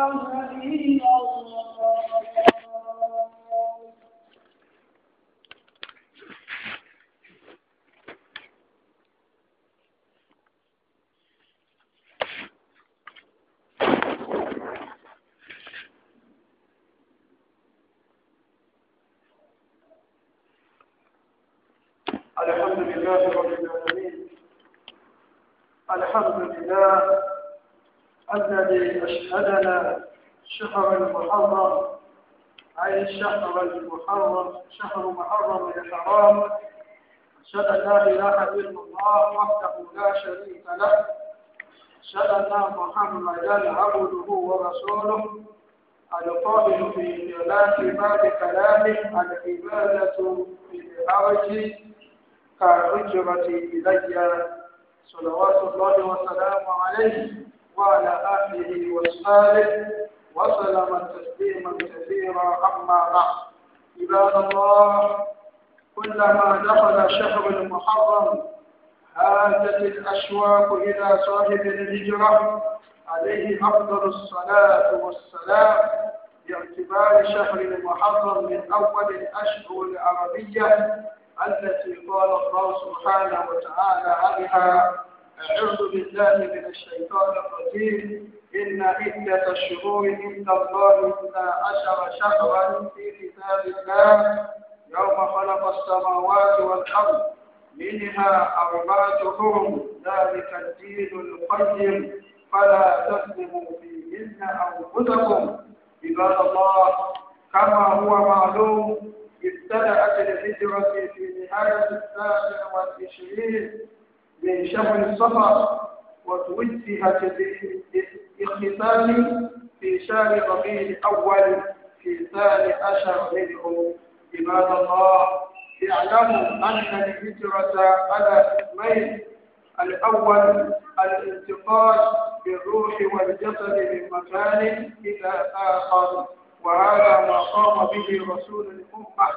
الحمد لله رب العالمين الحمد لله الذي أشهدنا شهر المحرم أي شهر المحرم شهر محرم الحرام أشهد أن لا إله إلا الله وحده لا شريك له أشهد أن محمدا عبده ورسوله القائل في إغلاق باب كلامه العبادة في الحرج كالهجرة إلي صلوات الله وسلامه عليه وعلى آله وصحبه وسلم تسليما كثيرا أما بعد عباد الله كلما دخل شهر المحرم هاتت الأشواق إلى صاحب الهجرة عليه أفضل الصلاة والسلام باعتبار شهر المحرم من أول الأشهر العربية التي قال الله سبحانه وتعالى عنها أعوذ بالله من الشيطان الرجيم إن عدة الشهور عند الله اثنا عشر شهرا في كتاب الله يوم خلق السماوات والأرض منها أربعة حرم ذلك الدين القيم فلا تسلموا فيهن أنفسكم عباد الله كما هو معلوم ابتدأت الهجرة في نهاية التاسع والعشرين من شهر الصفر وتوجهت الختام في شهر ربيع الأول في ثاني عشر منه عباد الله اعلموا أن الهجرة على اسمين الأول الانتقال بالروح والجسد من مكان إلى آخر وهذا ما قام به رسول الأمة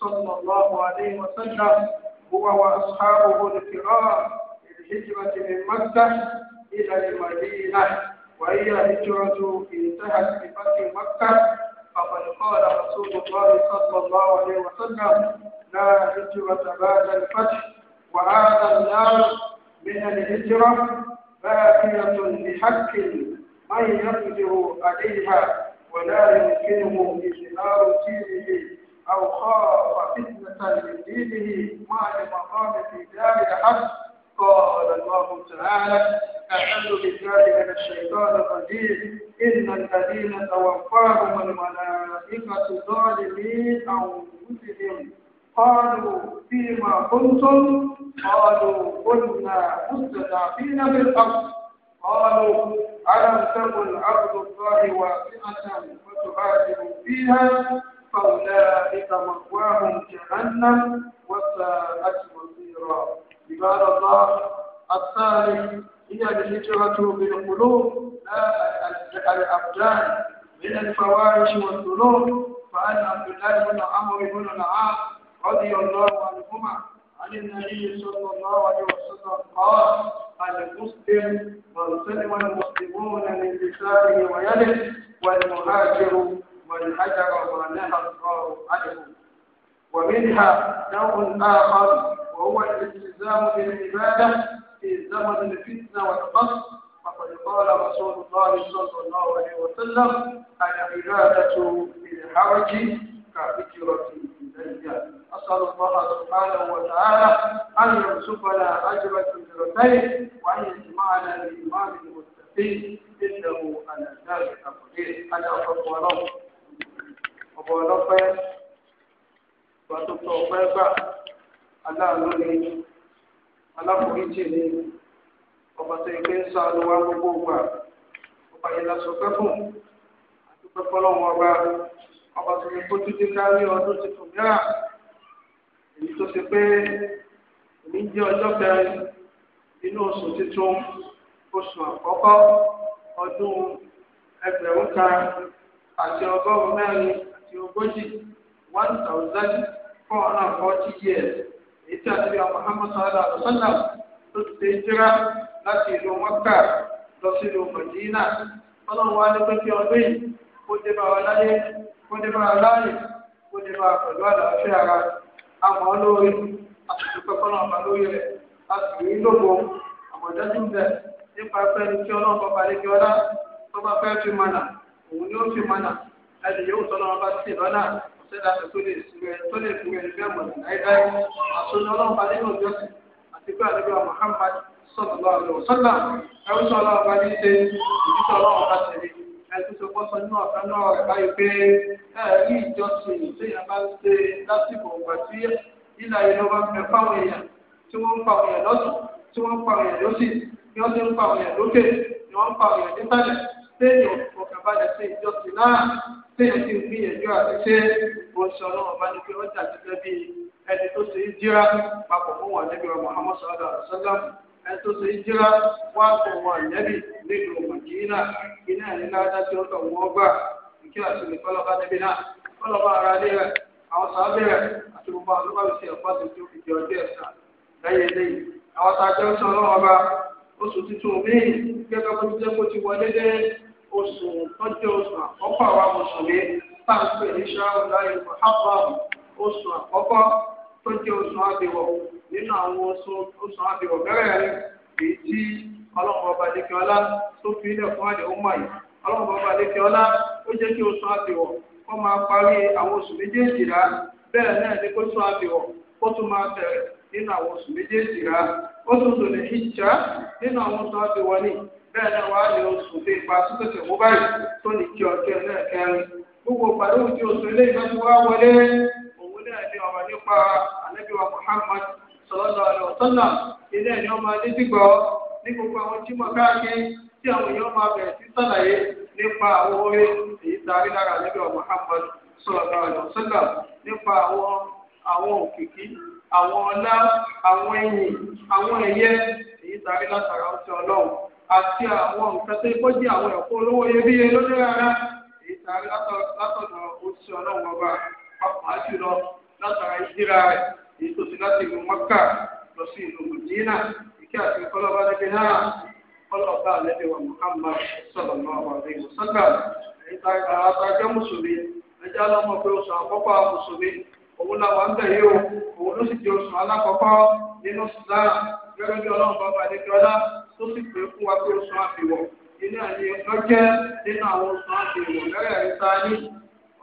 صلى الله عليه وسلم هو وأصحابه الكرام للهجرة من مكة إلى المدينة وهي هجرة انتهت بفتح مكة فقد قال رسول الله صلى الله عليه وسلم لا هجرة بعد الفتح وهذا النار من الهجرة باقية لحق من يقدر عليها ولا يمكنه إظهار دينه أو خاف فتنة من دينه مع المقام في دار الحق قال الله تعالى أعوذ بالله من الشيطان الرجيم إن الذين توفاهم الملائكة ظالمين أنفسهم قالوا فيما كنتم قالوا كنا مستضعفين في الأرض قالوا ألم تكن أرض الله واسعة فتهاجروا فيها فأولئك مأواهم جهنم وساءت مصيرا عباد الله الثالث هي الهجرة بالقلوب لا الأبدان من الفواحش والذنوب فعن عبد الله بن عمرو بن العاص رضي الله عنهما عن النبي صلى الله عليه وسلم قال المسلم من سلم المسلمون من لسانه ويده والمهاجر من هجر ما نهى الله عنه ومنها نوع آخر وهو الالتزام بالعبادة في زمن الفتنة والقصد فقد قال رسول الله صلى الله عليه وسلم العبادة بالحرج كفكرة إلي أسأل الله سبحانه وتعالى أن يرزقنا أجر الهجرتين وأن يجمعنا بإمام المتقين إنه على ذلك قدير أنا أحب له أبو ọlọ́pẹ́ gbàtọ́tọ̀ ọ̀pẹ́ gbà. ala ni aláforíjì ni ọba tó ẹgbẹ́ ń sáànù wá gbogbo ògbà ọba yẹn la sọ pé àdúgbò ọba ọba tó yẹ kó títí kárí ọdún tuntun mìíràn èyí tó ṣe pé èmi jẹ́ ọjọ́ kẹrin inú oṣù tuntun oṣù one thousand four hundred and forty years. ètò àti a sallallahu alaihi na tó ti ṣe jíra láti ìlú Mọ́kà lọ sí ìlú Mọ̀dínà ọlọ́run wa ní ọdún yìí kó dé bá wa láyé kó dé bá wa láàyè kó dé bá wa pẹ̀lú àlàáfíà ara àmọ́ lórí àtúntò pẹ́pẹ́ náà lórí rẹ̀ láti rí lóko bẹ̀ nípa ọlọ́run bá parí kí ọlá tó bá fẹ́ fi mọ̀nà òun ni ó fi mọ̀nà sẹ́dá tó lè sùúrẹ́ tó lè fún ẹni bẹ́ẹ̀ mọ̀ láíláí àtúnyẹ ọlọ́run bá nínú ìjọsìn àti pé àdúrà Muhammad sallallahu alaihi wasallam ẹ̀rú sọ ọlọ́run bá ní ṣe ìdíjọ́ ọlọ́run bá ṣe ní ẹtú tó kọ́ sọ inú ọ̀kan náà rẹ̀ báyìí pé ẹ̀rí ìjọsìn téèyàn bá ń ṣe lásìkò ìgbà tí ìlà ìlú bá ń fẹ́ fáwọn téèyàn ìfọkànbalẹ̀ sí ìjọsìn náà téèyàn ti ń gbìyànjú àti ṣe a sọ náà ọba ní pé ọjà ti fẹ́ bíi ẹni tó ṣe jíra papọ̀ fún wọn níbi ọmọ Muhammad sọlá sọlá ẹni tó ṣe jíra wá tó wọn nẹ́bì nílùú Mọ̀jìnnà iná ẹni láàdá tí ó tọ̀ gbà kí àti lè kọ́lọ́ba níbi náà ara lé àwọn àti gbogbo di oṣù tọ́jú oṣù àkọ́kọ́ àwa mùsùlùmí tá à ń pè ní ṣááwó láyé muhammad oṣù àkọ́kọ́ tó oṣù nínú àwọn oṣù àbẹ̀wọ̀ mẹ́rẹ̀ẹ̀rin èyí tí ọlọ́run ọba tó fi ilẹ̀ fún àdé ọmọ yìí ọlọ́run ọba adékeọlá ó jẹ́ kí oṣù máa parí àwọn oṣù méjèèjì bẹ́ẹ̀ náà ní kó kó tún máa bẹ̀rẹ̀ nínú àwọn bẹ́ẹ̀ náà wàá lè oṣù tó ipa sókè mú báyìí tó ní kí ọjọ́ náà kẹrin gbogbo pàdé òjì oṣù ilé ìtọ́jú wa wọlé òun náà ní ọ̀rọ̀ nípa ànábì Muhammad sallallahu alaihi wasallam ilé ẹni ọmọ adédìgbọ ní gbogbo àwọn jímọ̀ káàkiri tí àwọn èèyàn máa bẹ̀rẹ̀ sí sàlàyé nípa àwọn orí èyí tàbí lára ànábì Muhammad sallallahu alaihi wasallam nípa àwọn àwọn òkìkí àwọn ọlá àwọn ẹ̀yìn àwọn ẹ̀yẹ èyí tàbí látara ọ̀sẹ̀ ọlọ́run àti àwọn nǹkan tó kó jẹ́ àwọn ẹ̀kọ́ olówó iyebíye lójú rárá èyí tàbí látọ̀nà oṣù ọlọ́run ọba pàápàá jùlọ látara ìdíra rẹ̀ èyí tó ti láti ìlú mọ́kà lọ sí ìlú mùdínà ìkí àti ìkọlọ́ba lẹ́bi náà kọlọ́ba lẹ́bi wa Muhammad sallallahu alaihi wasallam èyí tàbí àtàjẹ́ mùsùlùmí ẹjẹ́ alọ́mọ pé oṣù àkọ́kọ́ mùsùlùmí òun làwọn ń bẹ̀ yìí o òun ló sì di oṣù alákọ̀ọ́kọ́ nínú sùdán gẹ́gẹ́ bí ọlọ́run bàbá àdékọ́lá tó sì pé fún wa pé oṣù àfihàn iná ni lọ́jẹ́ nínú àwọn oṣù àfihàn lẹ́yìn àríta ní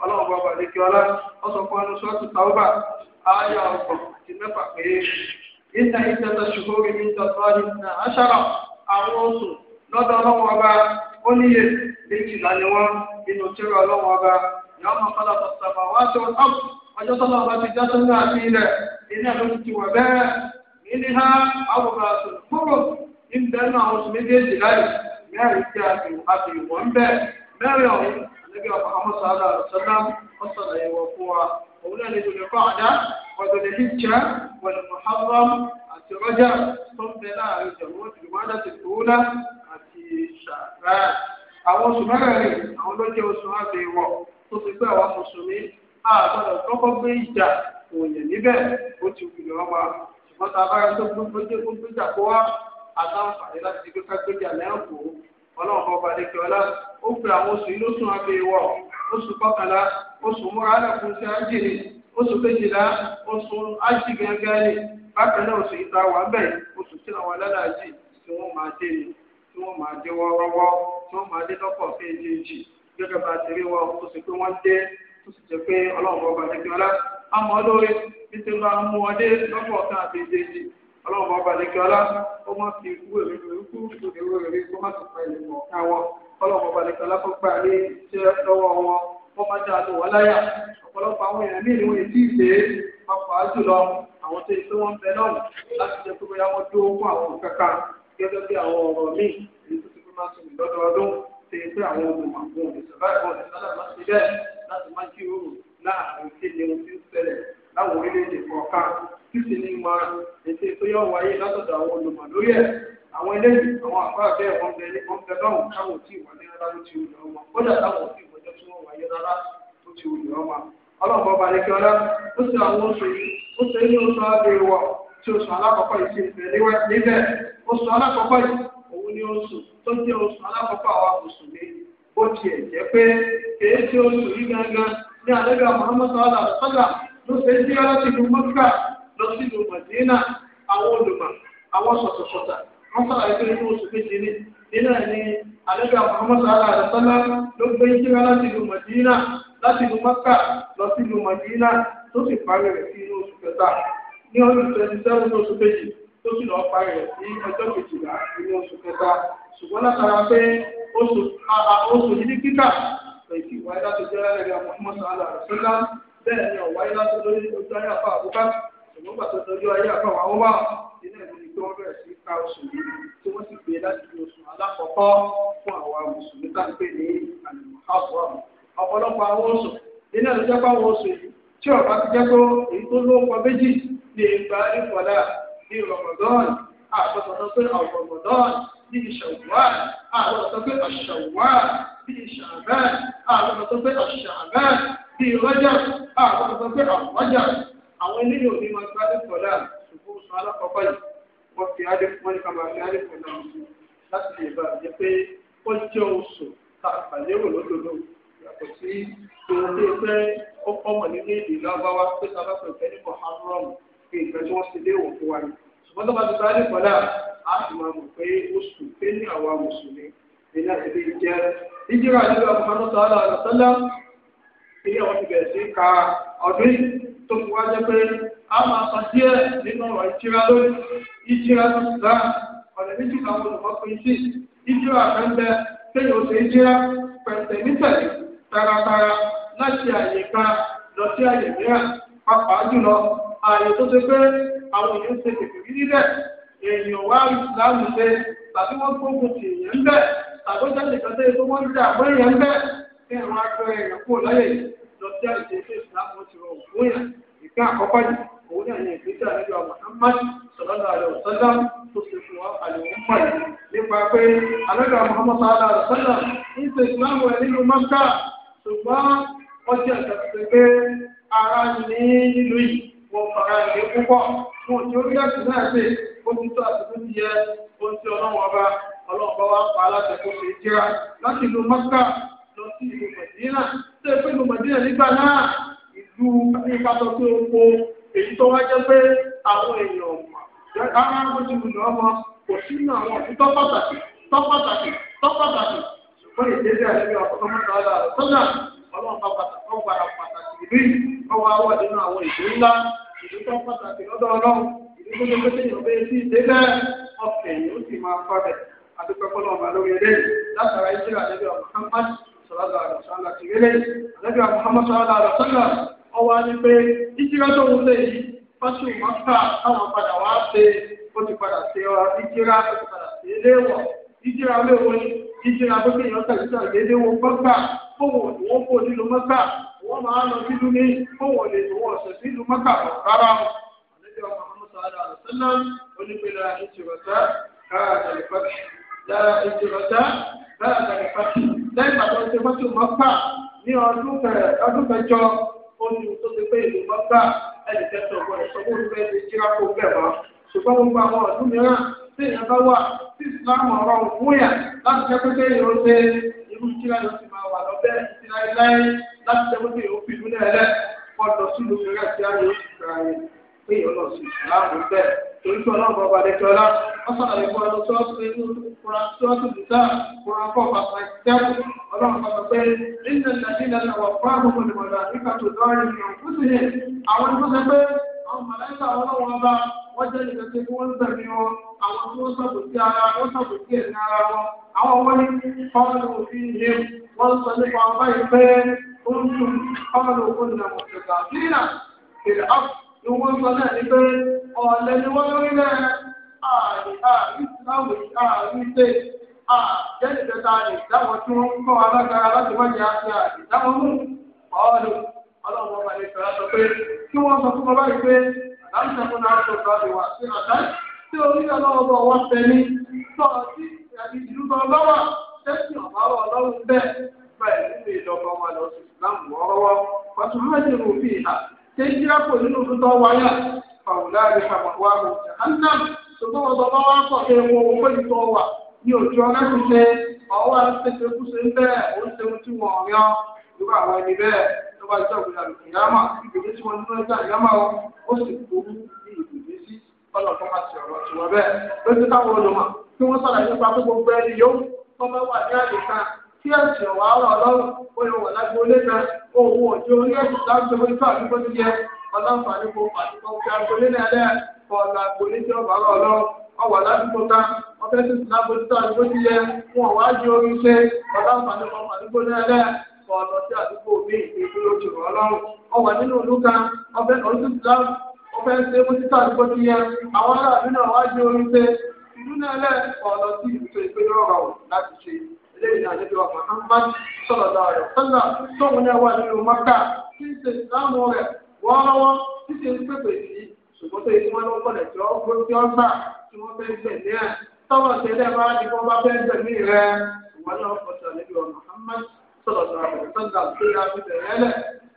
ọlọ́run bàbá lẹ́kẹ́ ọlá ọ̀sán fún ẹnu sọ́ọ̀tù táwọ́bà ááyà àti mẹ́fà pé ìta ìtẹ́tẹ́ ṣùgbọ́n mi àwọn oṣù lọ́dọ̀ ọlọ́run ọba ó níye méjìlá ni wọ́n nínú ọlọ́run ọba wá tó ọjọ́ tọ́lọ́ ọba ti já ha àwòrán níbẹ̀ náà oṣù méjèèjì láì mẹ́rin tí a fi a fi wọ́n bẹ́ mẹ́rin ọ̀hún níbi ọ̀pọ̀ àwọn sọ̀rọ̀ àlùsọ́lá wọ́n sọ̀rọ̀ ìwọ̀ fún wa òun náà ní ìdòdò kọ́ àdá ọ̀dọ̀dẹ̀ hijja wọ̀lẹ̀ muharram àwọn oṣù mẹ́rin àwọn ló jẹ́ oṣù àbẹ̀wọ̀ tó ti gbé àwọn mùsùlùmí àgbọ̀dọ̀ kọ́kọ́ gbé ìjà òòyàn níbẹ̀ ó ti wùdọ̀ ọmọ ṣùgbọ́n tá a bá yẹ tó gbé ìjà kó wá aláǹfààní láti ṣe pé kágbéjà lẹ́ǹkó ọlọ́run bọ́ balẹ̀ kí ọlá ó pe àwọn oṣù inú sùn abẹ́ ìwọ̀ oṣù kọkànlá oṣù múra lẹ́kùn sí ájìrì oṣù kejìlá oṣù ájì gẹ́gẹ́ ni bákan náà oṣù ìta wà bẹ́ẹ̀ oṣù tí àwọn alálàájì tí wọ́n máa dé ni tí wọ́n máa dé wọ́ọ́rọ́wọ́ tí wọ́n máa dé lọ́pọ̀ péjèèjì gẹ́gẹ́ bá ti rí wọn ó sì pé wọ́n dé ó sì jẹ́ pé ọlọ́run bọ́ balẹ̀ àmọ́ lórí ọlọ́run ọba lẹ́kẹ́ ọlá ó má fi ikú èmi ikú ìdòwò rẹ̀ kó má sì pa ìlú ọ̀kan wọn ọlọ́run ọba lẹ́kẹ́ ọlá kó gbà lé iṣẹ́ lọ́wọ́ wọn wọ́n má dá lò wọ́n láyà ọ̀pọ̀lọpọ̀ àwọn èèyàn ní ìwé tí ìgbé ọkọ̀ àjùlọ àwọn tó ìṣe wọn bẹ lọ́rùn láti jẹ́ pé bóyá wọ́n dúró fún àwọn kàkà gẹ́gẹ́ bí àwọn ọ̀rọ̀ míì èyí tó ti fi máa sọ̀rọ̀ lọ́dọọdún ṣe pé àwọn olùmọ̀ àwọn òṣèlú àìkọ́ ọ̀dẹ̀ sálà máa ṣe bẹ́ẹ̀ láti má jí láàrin kéde ohun tí ó ṣẹlẹ̀ láwọn orílẹ̀-èdè kọ̀ọ̀kan tí sì ní mọ ètò tó yọ wáyé látọ̀dọ̀ àwọn olùmọ̀ lórí ẹ̀ àwọn eléyìí àwọn àfáà bẹ́ẹ̀ wọ́n bẹ ní wọ́n bẹ lọ́hùn táwọn tí ìwà ní rárá ló ti wù lọ́wọ́ wọn kódà táwọn tí ìwọ́jọ́ tí wọ́n wáyé rárá ló ti wù lọ́wọ́ wọn. ọlọ́run ni oṣù tó jẹ́ oṣù alákọ̀ọ́kọ́ àwa ló ṣe ń díyà láti ìlú mọ́kà lọ sí ìlú mọ̀dínà àwọn olùmọ̀ àwọn sọ̀tọ̀sọ̀tà wọ́n sọ̀rọ̀ ẹgbẹ́ inú oṣù méje ní nínú ẹ̀ ní alẹ́gbẹ́ àmọ́mọ́sọ aláàdọ́sọ́lá ló gbé ìdíyà láti ìlú mọ̀dínà láti ìlú mọ́kà lọ sí ìlú mọ̀dínà tó sì parí rẹ̀ sí inú oṣù kẹta ní ọdún twenty seven oṣù méjì tó sì lọ́ọ́ parí rẹ̀ sí ọjọ́ kejìlá inú oṣù kẹta ṣùgbọ́n látara pé oṣù yìí kíkà bẹ́ẹ̀ ni ọ̀wá yìí láti lórí ojú ayé àfa àbúká ṣùgbọ́n gbà tó dojú ayé àfa àwọn wà nínú ìlú ni pé wọ́n bẹ̀rẹ̀ sí ká oṣù yìí tí wọ́n sì gbé láti fi oṣù alákọ̀ọ́kọ́ fún àwa mùsùlùmí tá ń pè ní àlùmọ́ọ́sọ̀rọ̀ ọ̀pọ̀lọpọ̀ àwọn oṣù nínú ìlú jẹ́pọ̀ àwọn oṣù yìí tí ọ̀pá ti jẹ́ tó èyí tó lóko méjì ní ìgbà ìfọ̀dà ní rọ̀mọ̀dọ́ọ̀n àtọ̀tọ̀ pé àwọ̀mọ̀dọ́ọ̀n ní ìṣàwùwà àtọ̀tọ̀ pé àṣàwùwà ní ìṣàbẹ́ àtọ̀tọ̀ pé àṣàbẹ́ sí rọ́jà àwọn sọ pé àwọn rọ́jà àwọn eléyìí ò ní máa gbádé sọ̀lá ṣùgbọ́n oṣù alákọ̀ọ́kọ́ yìí wọ́n fi adé fún wọn ní kaba fi adé fún wọn láti lè bá jẹ pé ó jẹ́ oṣù tá a pàlérò lódodo yàtọ̀ sí ìrọ̀lẹ́ pé ó kọ́mọ̀ nílé èdè lọ́wọ́wá pé sábà pẹ̀lú ẹni kò hàrọ̀m pé ìgbà tí wọ́n ti lé òkú wa ni ṣùgbọ́n tó bá ti sáré ilé wọn ti bẹ̀rẹ̀ sí ka ọdún yìí tó fi wá jẹ́ pé a máa sọ díẹ̀ nínú ọ̀rọ̀ ìtura lórí ìtura tó ti dá ọ̀rẹ́ méjì làwọn olùkọ́ pín sí ìtura àfẹ́ńbẹ́ kéèyàn ó ṣe ìtura pẹ̀tẹ̀ nítẹ̀lé taratara láti àyè kan lọ sí àyè mìíràn pàápàá jùlọ ààyè tó ṣe pé àwọn èèyàn ṣe kèkèrí níbẹ̀ èèyàn wá ìsìlámù ṣe tàbí wọ́n gbógun tì èèyàn ń bẹ̀ tàbí ó jẹ́ nìkan tó yẹ kó wọ́n dà mọ́ èèyàn ń bẹ̀ kí àwọn agbẹ́rẹ́ èèyàn kúrò láyé yìí lọ sí àìsè tó ìsìlámù ti rọ òun yẹn ìpín àkọ́kọ́ yìí òun náà ní ìgbésẹ̀ àlejò Muhammad sallallahu alaihi wasallam tó ṣe fún àlèwò mọ́ yìí nípa pé ń ṣe ìsìlámù ẹ̀ ara ní nílùú yìí wọ́n fara ẹ̀ púpọ̀ wọn tí ó rí láti náà ti lọ sí ìlú mọ̀dínà tó ẹgbẹ́ ìlú mọ̀dínà nígbà náà ìlú nípa sọ pé oko èyí tó wá jẹ́ pé àwọn èèyàn ìlú ọmọ kò àwọn òfin tó pàtàkì tó pàtàkì tó pàtàkì ṣùgbọ́n ọlọ́run pàtàkì pàtàkì ìlú ọwọ́ àwọn ìlú ńlá ìlú tó pàtàkì lọ́dọ̀ ọlọ́run ìlú tó sọlọ́dọ̀ àlọ́sọ́lá ti rélé àlẹ́bí àmọ́ sọlọ́dọ̀ àlọ́sọ́lá ọwọ́ á ní pé ìjírá tó ń lé yìí fásitì mọ́tà táwọn padà wá ṣe ó ti padà ṣe ọ ìjírá tó ti padà ṣe léwọ̀ ìjírá léwọ̀ ni ìjírá tó ti yàn tẹ̀lé tẹ̀lé léwọ̀ gbọ́gbà fóun ò ní wọ́n kó nílùú mọ́tà wọ́n máa lọ sílùú ní fóun ò lè lòun ọ̀sẹ̀ sílùú mọ́tà rárá o àlẹ́bí àmọ́ sọlọ́dọ̀ àlọ́sọ́lá onípele àti tìrọ̀tà káà tẹ̀lé pẹ́kì. dára ètò ọ̀dá dára dàgbà pàtó lẹ́yìn pàtó ṣe mọ́tò ọdún kẹjọ oṣù tó ti pé ìlú mọ́kà ẹnì kẹsàn ọ̀pọ̀ ẹ̀sọ́ fún ti jíra kó ṣùgbọ́n gbogbo àwọn ọdún mìíràn tí ìyẹn bá wà tí ìsìlámù ọ̀rọ̀ yà láti jẹ́ pé kéèyàn ó ṣe irú jíra ti máa wà lọ́bẹ̀ láti jẹ́ pé kéèyàn ó fi ìlú náà lẹ́ pé ìyọlọ sí ìsìláàmù bẹ́ẹ̀ torí pé ọlọ́run sọ̀rọ̀ ọdún inú kura kura ọlọ́run pé nígbà tí nàìjíríà wà fún tó sí àwọn pé àwọn ọlọ́run ọba ni wọ́n sọ náà ní pé ọ̀lẹ́ ni wọ́n lórí náà ààrẹ ààrẹ ìsìláàmù ààrẹ ìṣe àjẹ́ ìjẹta rẹ̀ dáwọn tí wọ́n a kọ́ alágbára láti wọ́n jẹ́ àti ààrẹ dáwọn mú ọ̀ọ́lù ọlọ́run ọba lè sọ̀rọ̀ sọ pé kí wọ́n sọ fún bàbá yìí pé àdáńtẹ̀kùn náà sọ sọ àdìwà sí àdá tí sọ sí ìlú tẹ́sí kéjìlá kò nínú tuntun wáyà fàwùlá rẹ̀ àmàwá rẹ̀ àǹtà ṣùgbọ́n ọ̀dọ̀ bá wá pọ̀ kí ewu owó pẹ̀lú tó wà ní òjò ọlọ́síṣẹ́ ọwọ́ àtẹ̀tẹ̀ kúṣe ń bẹ́ẹ̀ ó ń tẹ̀wọ́n tí wọ́n yán irú àwọn ẹni bẹ́ẹ̀ ló bá jẹ́ òkúta lòkè yámà ìgbèrè tí wọ́n nínú ẹja yámà ó ó sì kúrú ní ìgbèrè sí ọ̀nà àti ọ̀rọ̀ tiwọn bẹ́ẹ̀ lójú táwọn olùmọ̀ tí wọ́n sọ̀rọ̀ nípa gbogbo ẹni yóò tọ́mẹ́wà ní àyíká tí ẹ̀sìn wà wà lọ́rùn ó lè wọ̀ lágbo lẹ́gbà owó òjò orí ẹ̀sìn láti owó ìtọ́ àdúgbò ti jẹ ọlọ́pàá ní kò pàdúgbò kí agbo lẹ́nà ẹ̀lẹ́ ọ̀là àgbo ní tí ọba ládùúgbò ta sùn lágbo àdúgbò ti jẹ orí ṣe ní kò ní sí àdúgbò mi nínú ìlú lẹ́yìn náà níbi Muhammad sọ̀rọ̀ dáadọ̀ sọ́nà tóun náà wà nínú mọ́kà tí ń ṣe ìsìláàmù rẹ̀ wọ́ọ́rọ́wọ́ tí ṣe ń pèpè sí ṣùgbọ́n tó yẹ kí wọ́n ló kọ̀lẹ̀ tí wọ́n gbé tí wọ́n gbà Muhammad sọ̀rọ̀ dáadọ̀ sọ́nà tó yà fi bẹ̀rẹ̀ lẹ̀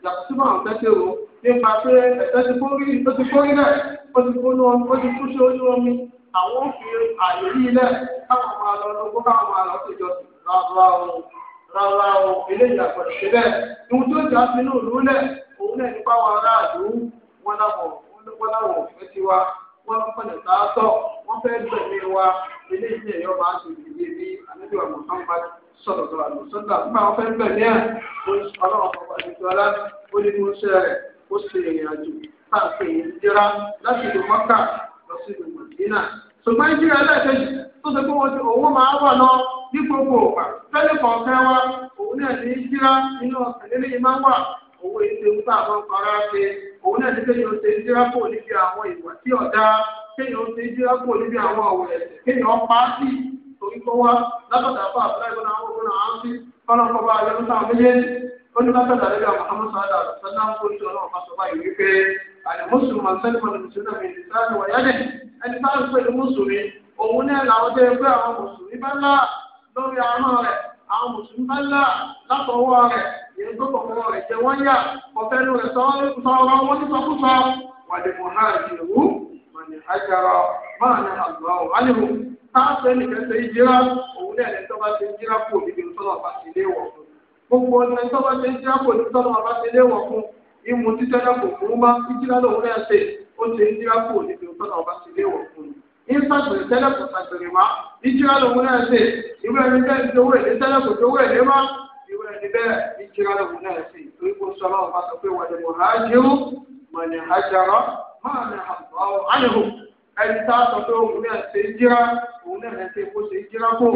yàtọ̀ sí màá fẹ́ tẹ̀wọ́ nípa pé ẹ̀tọ́ ti kórí ó ti kórí náà ó ti kónú ó ti kú sí ojú omi àwọn òfin àyè yìí lẹ̀ káwọn máa lọ lọ́gbọ́n káwọn máa lọ sí ìjọsìn rárá o rárá o eléyìí àkọlù ṣe bẹ́ẹ̀ ohun tó jà sínú ìlú lẹ̀ òun náà nípa wọn aráàlú wọn làwọn wọn làwọn òfin ti wa wọn lọ́kọ̀lẹ̀ sáátọ̀ wọ́n fẹ́ gbẹ̀mí wa eléyìí ẹ̀yọ́ máa ti dìde bí anábìwà Muhammad sọ̀rọ̀ sọ̀rọ̀ àlọ́ sọ́dà nígbà wọn fẹ́ gbẹ̀mí ẹ̀ ọlọ́run ọ̀pọ̀ àdìsọ́ ọlá ó ní mú iṣẹ́ rẹ̀ ó ṣe ìrìn àjò táà ń pè láti ìlú mọ́kà lọ sí ìlú mọ̀dínà tó ṣe pé wọ́n ti òun máa wà lọ ní gbogbo òpà fẹ́lẹ́ kọ̀ọ̀kan wa òun náà ní jíra nínú ẹ̀lẹ́lẹ́ yìí máa wà owó ètò ìgbà àwọn ọ̀rá ṣe òun náà ní kéèyàn ṣe jíra pò níbi àwọn ìwà tí ọ̀dá kéèyàn ṣe jíra pò níbi àwọn ọ̀wẹ̀ kéèyàn pa sí torí kó wá látọ̀dá fún àbúráyé náà wọ́n náà á ń forí ọlọ́run bá bá òun náà làwọn jẹ́ pé àwọn mùsùlùmí bá là lórí ahọ́n rẹ̀ àwọn mùsùlùmí bá là látọwọ́ rẹ̀ èyí tó rẹ̀ jẹ́ wọ́n yà rẹ̀ ní sọkúsọ na náà ti wú mọ̀nì àjàrà máa ní àgbà ọ̀hánìwò táàpẹ́ nìkan ìjírá òun náà lẹ́tọ́ bá ṣe ìjírá kù òbí tọ́lọ̀ bá lé wọ̀ fún gbogbo tó ìsàgbèrè tẹ́lẹ̀ kò sàgbèrè má ìjìrà lòun náà ṣe ìwé ẹni bẹ́ẹ̀ ti owó èlé tẹ́lẹ̀ kò ti owó èlé má ìwé ẹni bẹ́ẹ̀ ìjìrà lòun náà ṣe torí kò sọ ọlọ́run bá sọ pé wọ́n lè ha jírú mọ̀nì ha jara máa ní àwọn àyẹ̀wò ẹni tá a sọ pé òun náà ṣe ìjìrà òun náà ṣe kó ṣe ìjìrà kó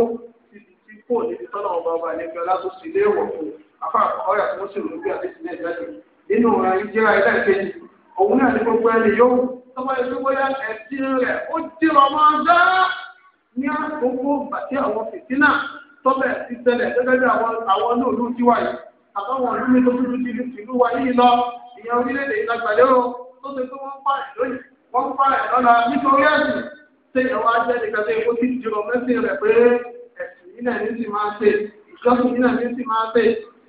ti kó níbi tọ́lọ̀ ọba ọba nígbà látó sì lé wọ̀ fún afá tọ́wọ́ ìlú bóyá ẹ̀sìn rẹ̀ ó dì ọmọ ọjọ́ ní àkókò bàtí àwọn fìtínà tọ́bẹ̀ ti tẹ̀lẹ̀ gẹ́gẹ́ bí àwọn olóòlù ti wáyé àbáwọn ìlú mi tó dúdú ti ìlú wa yìí lọ ìyẹn orílẹ̀-èdè ìlàgbàlẹ́ o tó ṣe pé wọ́n pààyàn lónìí wọ́n pààyàn lọ́la nítorí ẹ̀sìn ṣé ìyàwó ajẹ́ nìkan tó yẹ kó ti jùlọ mẹ́sìn rẹ̀ pé ẹ̀sìn yìí náà ní sì máa ṣe ìjọsìn yìí náà ní sì máa ṣe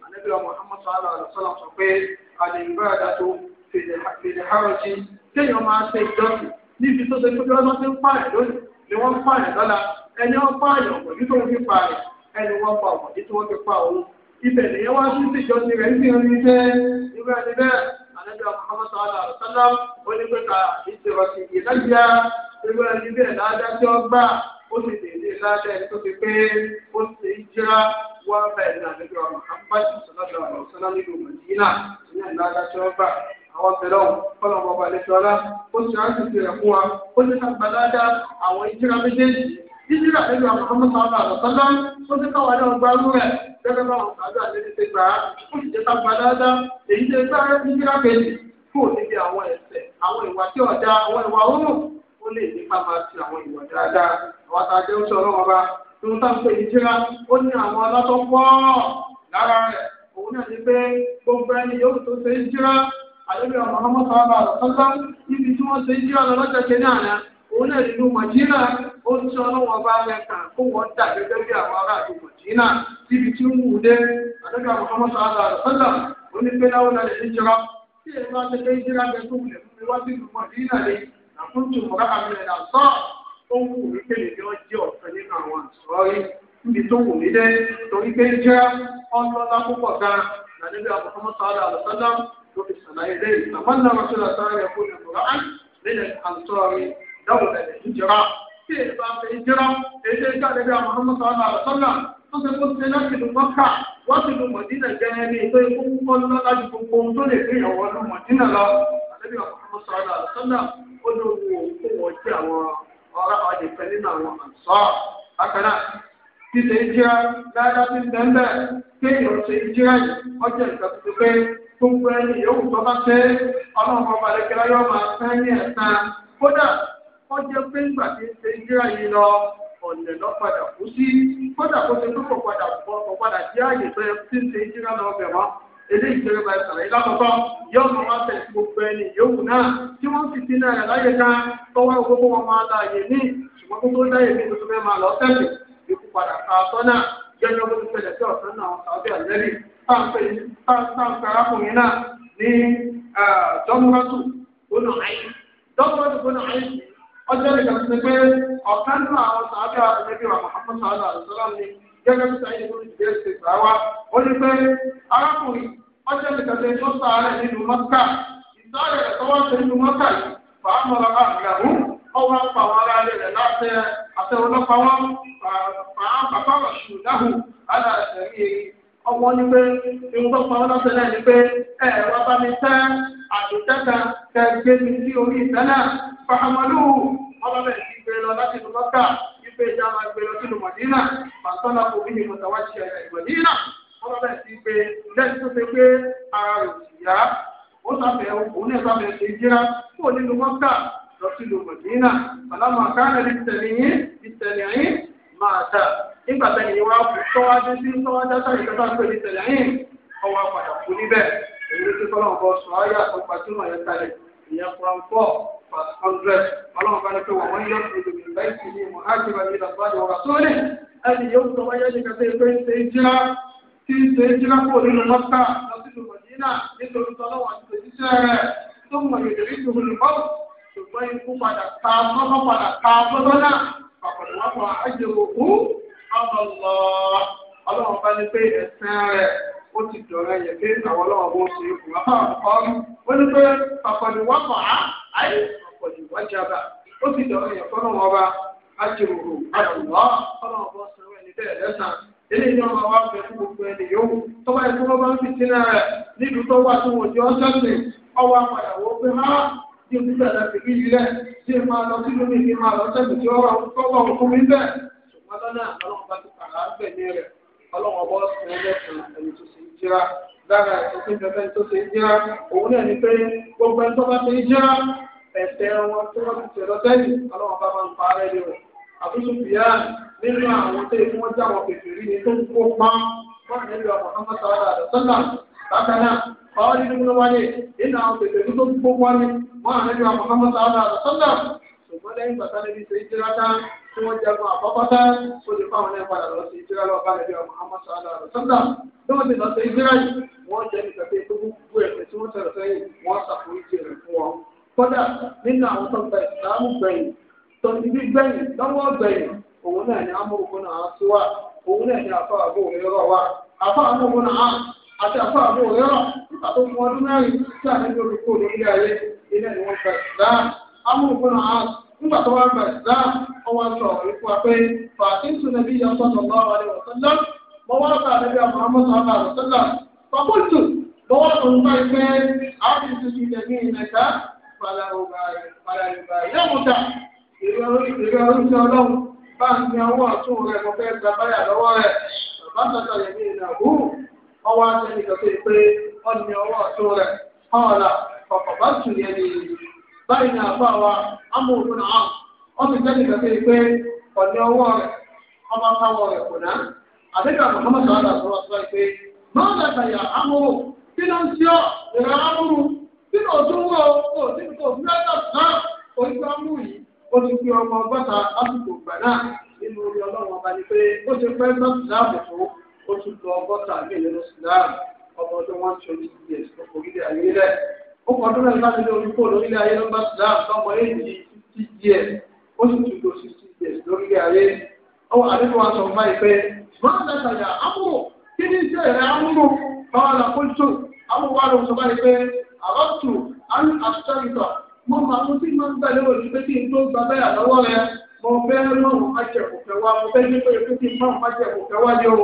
àlẹ́bí ọmọ ọmọ sọ fèdè harrochi téèyàn máa ṣe ìjọsìn níbi tó ṣe pé ọlọ́dún ti ń pààyàn lónìí ni wọ́n ń pààyàn lọ́la ẹni wọ́n pààyàn òmòdì tó ń fi pààyàn ẹni wọ́n pa òmòdì tó ń fi pa òun ibẹ̀ nìyẹn wá sí ìjọsìn rẹ̀ ní ìrìn iṣẹ́ irú ẹni bẹ́ẹ̀ àlejò àkọ́kọ́ sọ̀rọ̀ àlùsálà ó ní pé ká ìṣèrọ̀sìn ìdájá irú ẹni bẹ́ẹ̀ láàdá tí ó gbà ó sì dèédé láàdá ẹni tó ti pé ó ti jíra wọ́n bẹ̀rẹ̀ ní àlejò àkọ́kọ́ sọ̀rọ̀ àlùsálà nínú mọ̀dínà ìyẹn láàdá tí ó gbà àwọn tẹ̀lé ọ̀hún kọ́nà ọba àlejò ọlá ó ti rántí ti rẹ̀ fún wa ó ní ká gbàdájá àwọn ìjíra méjèèjì ìjíra pẹ̀lú àwọn ọmọọmọ àlọ́sọ́lá ó ti káwá náà gba irú rẹ̀ gẹ́gẹ́ bá àwọn sàájú àlejò ti gbà á ó sì jẹ́ ká gbàdájá èyí tẹ́ gbá ìjíra kejì kó níbi àwọn ẹ̀ṣẹ̀ àwọn ìwà tí ọ̀dà àwọn ìwà òórùn ó lè nípa máa ti àwọn ìwà dáadáa àwọn àtàjẹ́ ń sọ ọlọ́wọ́ bá tí wọ́n táǹpẹ̀ ìjíra ó ní àwọn alátọ́ pọ̀ lára rẹ̀ òun náà ní pé gbogbo ẹni yóò tó ṣe ìjíra àlébíra Muhammad sallallahu alaihi wasallam níbi tí wọ́n ṣe ń jí ọ̀nà lọ́jọ́ kí ní àná òun náà nínú Mọ̀jínà ó ń sọ ọlọ́wọ́n bá rẹ̀ kàn kó wọ́n dà gẹ́gẹ́ bí àwọn ará àti Mọ̀jínà níbi tí ń wù dé àlébíra Muhammad sallallahu alaihi wasallam ó ní pé láwọn náà lè ń jira tí èyí bá ṣe pé ń gẹ́gẹ́ tó wulẹ̀ fún mi wá sí ìlú Mọ̀jínà ni àkúntù mọ̀ká àmìlẹ̀ àṣọ ó ń wù mí kéde ní ọjọ́ ọ̀sẹ̀ nínú àwọn àṣọrí níbi tó tó fi sàlàyé lẹ́yìn àmọ́nà rọ́ṣọ́lá sáà yẹ kó lè rọ́ án lẹ́yìn àǹtọ́rin dáwọ̀ ẹ̀dẹ̀ ìjọra tí èyí bá fẹ́ ìjọra èyí tẹ́ ká lẹ́gbẹ́ àwọn ọmọ sọ́nà àlọ́sọ́nà tó ṣe kó ṣe láti lu mọ́kà wọ́n ti lu mọ̀dínà gẹ́gẹ́ ní ìtọ́ ikú kúkọ́ lọ́la ju gbogbo ohun tó lè gbé ọ̀wọ́ lu mọ̀dínà lọ àlẹ́bí àwọn ọmọ sọ́nà àlọ́sọ́nà ó ló wu òkú wọn jẹ́ títẹ̀ ìjẹ́ dáadáa ti ń bẹ́ẹ̀ bẹ́ẹ̀ kéèyàn ṣe ìjẹ́ ọjọ́ ìgbà pé gbogbo ẹni yòówù tó bá fẹ́ ọlọ́run ọba lẹ́kẹ́lá yóò máa fẹ́ ní ẹ̀sán kódà wọ́n jẹ́ pé ìgbà tí ń ṣe ìdíra yìí lọ ọ̀lẹ̀ lọ padà kú sí kódà kó ṣe púpọ̀ padà pọ̀ padà jẹ́ àyè tó yẹ tí ń ṣe ìdíra lọ bẹ̀ wọ́n ilé ìṣeré ba ìsàlẹ̀ yìí lákọ̀ọ́kọ́ yóò máa tẹ̀ gbogbo ẹni yòówù náà tí wọ́n ti náà rẹ̀ láyé ká tọ́wọ́ jẹ́jọ́ bó ti tẹ̀lẹ̀ sí ọ̀sán náà tàbí àlẹ́lì táǹpẹ̀ arákùnrin náà ní dọ́múrọ́tù gbóná ayé dọ́múrọ́tù gbóná ayé ọjọ́ ìgbà tó ti pé ọ̀kan náà àwọn sàábẹ́ àtẹ̀lẹ́bí wa Muhammad sallallahu alaihi wasallam ni gẹ́gẹ́ bí sáyé lórí ìdílé ṣe gbà wá ó ní pé arákùnrin ọjọ́ ìgbà tó ti sáré nínú mọ́kà ìsáré ẹ̀tọ́ nínú mọ́kà ọwọ́ ń pa àwọn ará ilé rẹ̀ láti àti ọlọ́pàá wọn pàá bàbá ọ̀ṣù dáhùn àdá ẹ̀mí èyí ọwọ́ ni pé ìwọ́n tó pa wọn lọ́sẹ̀ náà ni ọba lọ láti ìlú mọ́kà wípé ìjà máa gbé lọ sílùú mọ̀dínà pàtọ́lá kò bí ni mo ọba lọ sí ìlú mọ̀dínà àlámọ̀ àkáàlẹ̀ ní tẹ̀lẹ́yìn ní tẹ̀lẹ́yìn máa tà nígbà tẹ̀lẹ́ yìí wá kú tọ́wájú sí tọ́wájú sáré tó bá pè ní tẹ̀lẹ́yìn ọwọ́ padà kú níbẹ̀ èyí tó kọ́ lọ́wọ́ sọ ayé àkọ́kọ́ tí wọ́n yẹ kalẹ̀ ìyẹn kuran four past hundred ọlọ́run bá ní pé wọ́n yọ sí ìlú ìlú láì sí ní mọ̀hájúra ní ìlànà àjọ ọ̀rọ̀ tó ní ẹni yóò sọ wáyé ní kẹsẹ̀ pé ń ṣe ìjìlá tí ń ṣe ìjìlá kúrò nínú mọ́tà lọ ṣùgbọ́n ikú padà ká mọ́mọ́ padà ká mọ́mọ́ náà pàpàdé wọn kọ àjẹwò fún ọlọ́run bá ní pé ẹ̀sìn rẹ̀ ó ti dọ̀rọ̀ yẹ pé àwọn ọlọ́run bó ṣe kù wá fáwọn ọ̀run ní pé á jábà ó ti dọ̀rọ̀ yẹ fọ́nà wọn bá àjẹwò ọlọ́run bó ṣe lẹ́sàn ilé wa fẹ́ fún gbogbo ẹni tí n bẹ̀rẹ̀ fi bí ilẹ̀ tí n máa lọ sí lómi kí n máa lọ sẹ́mi tí ó rọrùn tó wà òkú mi bẹ́ẹ̀. ṣùgbọ́n lọ́nà ọlọ́run bá ti kàrà á bẹ̀ ní rẹ̀ ọlọ́run ọbọ̀ sùn ẹlẹ́sìn ẹni tó ṣe ń jíra lára ẹ̀sìn tí bẹ́ẹ̀ tó ṣe ń jíra òun náà ni pé gbogbo ẹni tó bá ṣe ń jíra ẹ̀ṣẹ̀ wọn tí wọ́n ti ṣe lọ sẹ́yìn ọlọ́run bá máa ń parẹ́ ni rẹ̀ àbúṣe fìyà nínú àwọn tó yẹ kí wọ́n já wọn ni tó ń kó pọ́n wọ́n nílò ọmọ náà mọ́tàlá قال ابن مالك إن عبدك يوسف بوكواني ما نبي محمد صلى الله عليه وسلم ثم لا ينبغي نبي سيجراتا ثم جاء أبابتا ثم قام نبي على رأس سيجراتا وقال نبي محمد صلى الله عليه وسلم ثم جاء سيجراتا wọ́n jẹ́ nípa pé gbogbo gbogbo ẹ̀sẹ̀ tí wọ́n sọ̀rọ̀ sẹ́yìn wọ́n ṣàforíjì rẹ̀ fún wọn. kódà nínú àwọn tó gba ìsìlámù gbẹ̀yìn tó ti bí gbẹ̀yìn lọ́wọ́ gbẹ̀yìn òun náà ni àti àfọ àbò òyìnbó nígbà tó mú ọdún mẹ́rin tí àlejò olùkó lórí ayé ilé ni wọ́n bẹ̀rẹ̀ dá amúhùnbọ̀nà á nígbà tó wá bẹ̀rẹ̀ dá ọwọ́ aṣọ ọ̀rọ̀ ikú apẹ́ fàtí sunabi yasọ́tọ̀ lọ́wọ́ alẹ́ wọ̀sánlá mọ́wọ́ àgbà àlejò àmọ́ sábà wọ̀sánlá fàkóòtù lọ́wọ́ tó ń bá ẹgbẹ́ àti tuntun ìdẹ̀mí ìnẹ̀ká fàlàrùbáyàmùtà ìrẹ́ oríṣi ọlọ́run bá ń gbin ọwọ́ àtún rẹ̀ mọ́ fẹ́ ọwọ́ àti ìdọ̀tí pé ọ̀nì ọwọ́ ọ̀tún rẹ̀ ọ̀la ọ̀pọ̀ bá tù yẹn ni báyìí ní àbá wa amóhùn náà wọ́n ti jẹ́ ìdọ̀tí pé ọ̀nì ọwọ́ rẹ̀ ọba táwọ̀ rẹ̀ kò ná àbíkà Muhammad sọ̀rọ̀ sọ̀rọ̀ sọ̀rọ̀ pé máa ń dàgbàyà amóhùn kí ló ń ṣe ọ́ ìrà amóhùn kí ló tún wọ́ ó ti fi ọmọ ọgọ́ta lásìkò gbà náà nínú orí ọlọ́run ọba ni pé ó ó tún lọ ọgọ́ta mílíọ̀n ní Sudan ọmọ ọdún one twenty years ló kò rílẹ̀ ayé rẹ̀ ó kọ́ ọdún mẹ́rin láti lé olùkọ́ lórílẹ̀ ayé lọ́gbà Sudan lọ́mọ èyí sixty years ó sì tún lọ sixty years lórílẹ̀ ayé ó àdúgbò wa sọ fún báyìí pé máa lẹ́sà yà ámúrò kí ni iṣẹ́ rẹ̀ ámúrò máa là kó tó ámúrò wa lọ sọ báyìí pé àrọ́tù àṣàyìntọ̀ mo máa tún sí máa ń gbà lérò ní pé kí n tó gba bẹ́ẹ̀ lọ́wọ́ rẹ̀ mo fẹ́ mọ̀rún májẹ̀kù kẹwàá mo fẹ́ ní pé kí n mọ̀rún májẹ̀kù kẹwàá yóò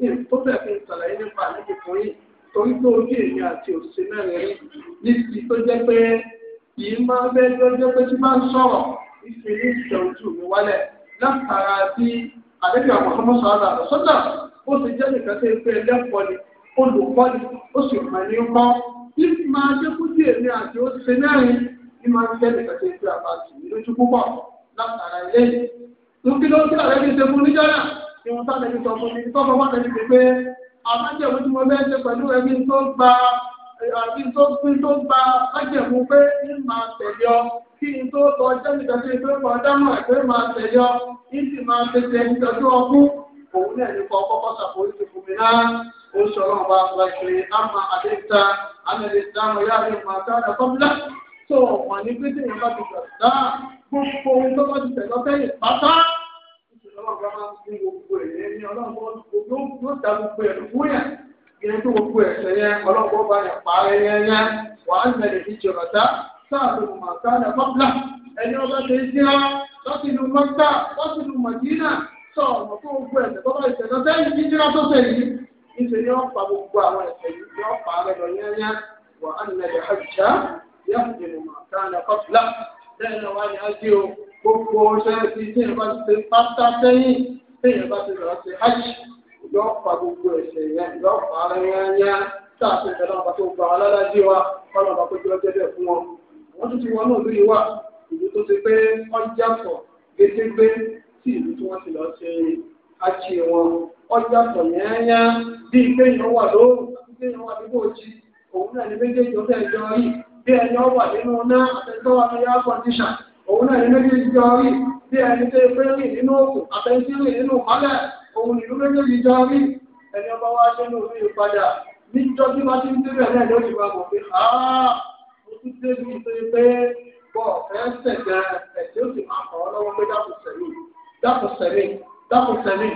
tó bẹ̀ fún ìtàlàyé nípa àlejò kan yìí torí pé ojú èmi àti òṣìṣẹ́ mẹ́rin rí níbi tó jẹ́ pé yìí máa bẹ́ẹ̀ tó jẹ́ pé tí máa ń sọ̀rọ̀ ìfìlú ìjọ̀jú mi wálẹ̀ látara bí àlejò àwọn ọmọ sọ̀rọ̀ àlọ́ sọ́dà ó ti jẹ́ nìkan tó pé ẹlẹ́kọ̀ọ́ ni olùkọ́ ni ó sì mọ̀ ní kọ́ bí máa jẹ́ kójú èmi àti òṣìṣẹ́ mẹ́rin ní máa ń jẹ́ nìkan tó pé àbá tì mí lójú púpọ̀ ìwọ̀n sáà lẹ́bi sọ fún mi tọ́sọ wà lẹ́bi pé pé àbájẹ̀mú tí mo fẹ́ ṣe pẹ̀lú ẹbí tó gba àbí tó pín tó gba àbájẹ̀mú pé ń máa tẹ̀lé ọ kí n tó lọ jẹ́mìtọ́jú ìpé kan dámọ̀ ìpé máa tẹ̀lé ọ kí n sì máa tẹ̀lé ìtọ́jú ọkún òun ní kọ́ kọ́kọ́ ṣàforíjì ọlọ́run bá máa ń fún gbogbo ẹ̀ ní ọlọ́run yóò ta gbogbo ẹ̀ fún yẹn ìyẹn tó gbogbo ẹ̀ṣẹ̀ yẹn ọlọ́run bá yẹn pa ẹ̀ yẹn yẹn wà á mẹ́rin ní jọ̀rọ̀tà sáà tó mọ̀ máa sáà lẹ́kọ́pìlà ẹni ọba ṣe ń síra láti ìlú mọ́tà láti ìlú mọ̀dínà sọ ọ̀nà tó gbogbo ni wà á mẹ́rin àjà yẹ́n gbogbo ọṣẹ ti tí ìyẹn bá ti ṣe pátá sẹ́yìn tí ìyẹn bá ti lọ́ọ́ ṣe hajj yóò fa gbogbo ẹ̀ṣẹ̀ yẹn yóò fa ara yẹn yẹn tá a ṣe ìfẹ́lá ọba tó gba alára dí wa kọ́nà ọba kó jọ jẹ́jẹ́ fún wọn. àwọn tó ti wọn náà lóye wà ìlú tó ti pé ọjà sọ gédégbé sí ìlú tí wọ́n ti lọ́ọ́ ṣe hajj wọn ọjà sọ yẹn yẹn bí ìgbéyàn wà lóhùn àti ìgbéyàn wà nígbò jí òun náà ní méjèèjì ó fẹ́ jọ yìí bí ẹni òun náà ní méjèèjì jọ rí bí ẹni tó pé rìn nínú òkú àtẹ̀sí rìn nínú ìmọ́lẹ̀ òun ìlú méjèèjì jọ rí ẹni ọba wa ṣe ní orí ìpadà níjọ́ tí wọ́n ti ń débẹ̀ náà lórí ìwà mọ̀ pé àá mo tún débi ìṣe pé bọ̀ ẹ sẹ̀gẹ̀ ẹ̀jẹ̀ ó sì máa kọ́ ọ lọ́wọ́ pé dákun sẹ̀mí dákun sẹ̀mí dákun sẹ̀mí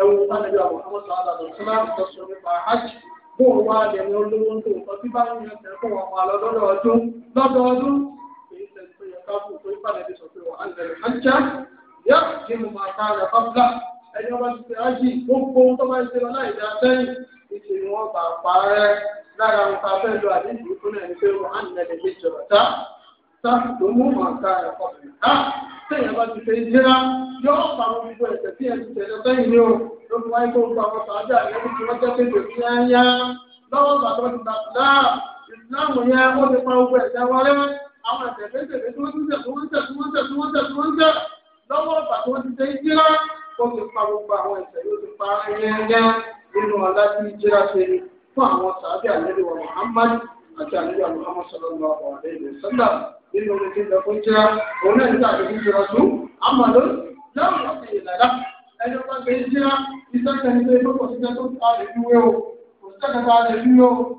ẹ̀wù pàdébí àwọn ọmọ sàlá lọ sí láti sọ sọ nípa hajj bó o bá ń yẹn fún ọmọ àlọ́ lọ́dọọdún káfù tó ń pàdé sọ pé wà á lẹ̀ ajá yá kí mo máa ká rẹ̀ fáfúlà ẹni ọba ti ṣe ájì gbogbo ohun tó bá ṣe lọ láì dá sẹ́yìn ìṣe ni wọ́n bá pa rẹ̀ lára ohun tá a fẹ́ lọ àdéhùn ìfúnná ẹni pé wà á lẹ̀ lè jọ̀rọ̀ tá tá tó mú máa ká rẹ̀ fáfúlà sẹ́yìn bá ti fẹ́ jẹ́ra yọ pàmò gbogbo ẹ̀sẹ̀ tí ẹ ti tẹ̀lé sẹ́yìn ni o ló fi wáyé gbogbo àwọn sàájà rẹ̀ ti wọ́n jẹ́ pé kò ẹ̀yà lọ́wọ́ bàbá ti bàbá ìsìláàmù yẹn ó ti pa gbogbo ẹ̀sẹ̀ wọlé àwọn ẹ̀tẹ̀lẹ́tẹ̀lẹ́ tí wọ́n ti tẹ̀ tí wọ́n tẹ̀ tí wọ́n tẹ̀ tí wọ́n tẹ̀ tí wọ́n tẹ̀ lọ́wọ́ ọ̀gbà tí wọ́n ti tẹ̀ ìjírá ó ti pa gbogbo àwọn yóò ti pa nínú ìjírá ṣe fún àwọn sàábì àlejò àti àlejò nínú fún ìjírá òun náà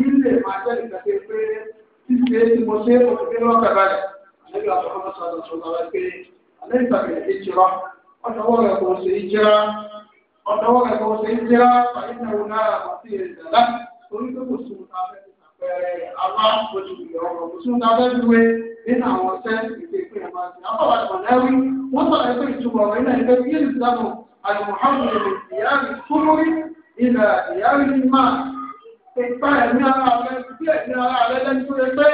ilé máa jẹ́ ìgbàgbé pé ṣíṣe tí mo ṣe mo fi lọ́kàn balẹ̀ àlejò àtọ́kọ́mọ́ sọ̀rọ̀ sọ̀rọ̀ rẹ̀ pé àlejò ìtàkùn ìjìrọ̀ ọ̀dọ́wọ́ rẹ̀ kò ṣe ìjìrá ọ̀dọ́wọ́ rẹ̀ kò ṣe ìjìrá àyíkàwò náà àti ìrìnàlá torí pé kò sùn ta fẹ́ àpẹẹrẹ àbá oṣù ìrọ̀rọ̀ kò sùn ta fẹ́ dúwe nínú àwọn ọ̀sẹ̀ ìgbé pé ẹ̀ máa ṣe àbáwá ìmọ̀lẹ́wí wọ́n sọ̀rọ̀ pé ìtumọ̀ rẹ̀ náà ẹgbẹ́ bí yéèlì sábà àlùmọ̀hámù ìyá ìkúlórí ilẹ̀ ìyá ìmáà ìpa ẹ̀mí ara rẹ̀ ìdí ẹ̀mí ara rẹ̀ lẹ́nu tó yẹ pé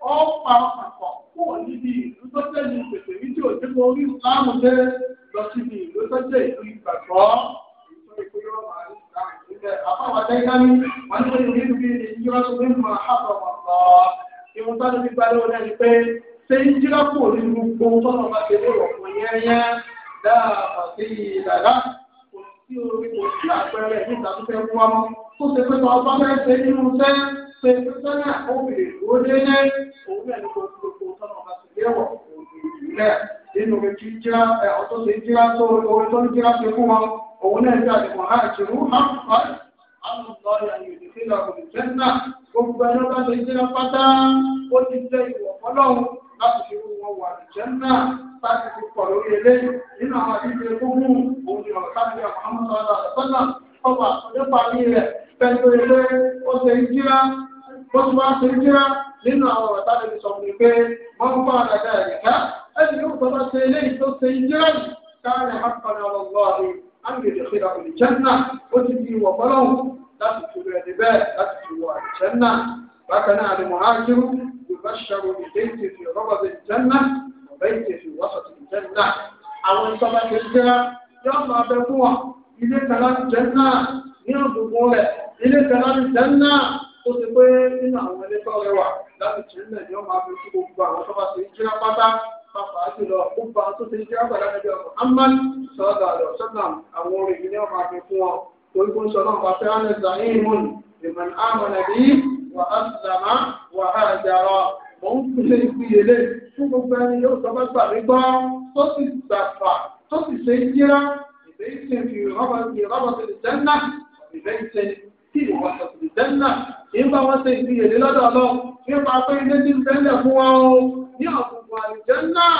ó pa ọ̀pọ̀ kó o níbi ìlú tó tẹ̀lé pèsè ní tí òjò mọ orí ìsìláàmù dé lọ síbi ìlú tó tẹ̀ ìlú ìgbàgbọ́ ìwọ̀n sáré gbígbá lórí ẹni pé ṣé ń jíra kò ní gbogbo tọ́nà bá ṣe lè fún yẹ́yẹ́ dáàbà sí ìdàgbà kò sí orí kò sí àpẹẹrẹ nígbà tó mọ́ tó ṣe pé kọ́ ọba máa ṣe nínú iṣẹ́ ṣe pé sọ́nà òbèrè ó lé ní òun náà ní gbogbo gbogbo sọ́nà ọba ti léwọ̀ òbèrè nínú retí jíra ọ̀tọ́ ṣe jíra tó orí tó ní jíra ṣe fún wọn òun náà ní àdìmọ̀ àìṣerú hàmùfà àlùfọ́ ìyàyò ìdílé ìjẹ́nà gbogbo ẹni ọba ṣe jíra pátá ó ti jẹ́ ìwọ̀ fọlọ́run láti fi wọ́n wọ àìjẹ́nà láti fi pọ̀ lórí eléyìí nínú àwọn àdìsẹ́ gbogbo òun ni ọ̀rọ̀ sábẹ́ àmọ́ àmọ́ sọ́dọ̀ àtọ́nà ọba àtọ́jọ́ parí rẹ̀ pẹ̀lú ẹgbẹ́ ó ṣe ń jíra ó ti wá ṣe ń jíra nínú àwọn ọ̀rọ̀ tábìlì sọ fún mi pé wọ́n ń bá àgàgà ẹ̀yẹ̀ká ẹni yóò tọ́ bá ṣe eléyìí tó ṣe ń jíra yìí káàrẹ̀ àpàlẹ̀ ọlọ́gbọ́ àrùn àgbègbè ṣe àwọn ìjẹ́nà ó ti di ìwọ̀ fọlọ́hùn láti tu ẹni bẹ́ẹ̀ láti tu wọ àìjẹ́nà bákan náà ni mọ̀hájúrú yorùbá ṣàrò ìdé ìtẹ̀fì ọlọ́gbọ̀dẹ̀ ìjẹ́nà ọ̀bẹ́ ìtẹ̀fì wọ́sọ̀tì ìjẹ́nà àwọn ìtọ́ba ṣe ń jíra máa bẹ fún wọn ilé kan láti jẹ́ ní ọ̀dùnkún rẹ̀ ilé tẹ̀lá ní tẹ́ńnà tó ti pé nínú àwọn ilé tó rẹwà láti tún lẹ̀ ní ọmọ abẹ́ tí gbogbo àwọn tó bá ti ń jíra pátá pàpà jùlọ gbogbo àwọn tó ti ń jíra pàdá níbi ọkọ̀ amman sọ́dà àlọ́ sọ́dà àwọn orin ìlú ọmọ abẹ́ fún wọn torí kó ń sọ náà pàṣẹ ánẹ zayin mun ìmọ̀n àmọ̀nà bí wà á sàmà wà á jàrọ mọ̀ ń fi lé ìfiyèlé fún gbogbo ẹni yóò sọ bá gbà mí gbọ́ tó sì gbàfà tó sì ṣe jíra ìgbésẹ̀ fi rọ́bà sí ìjẹ́ ńlá ìgbésẹ̀ tí ìwà ìṣẹ̀kùn tẹ́lẹ̀ nígbà wọ́n ṣe ìdíyè ní lọ́dọ̀ lọ nípa pé ilé tí ń tẹ́lẹ̀ fún wọn o ní ọ̀gbọ̀n àlùjẹ́ náà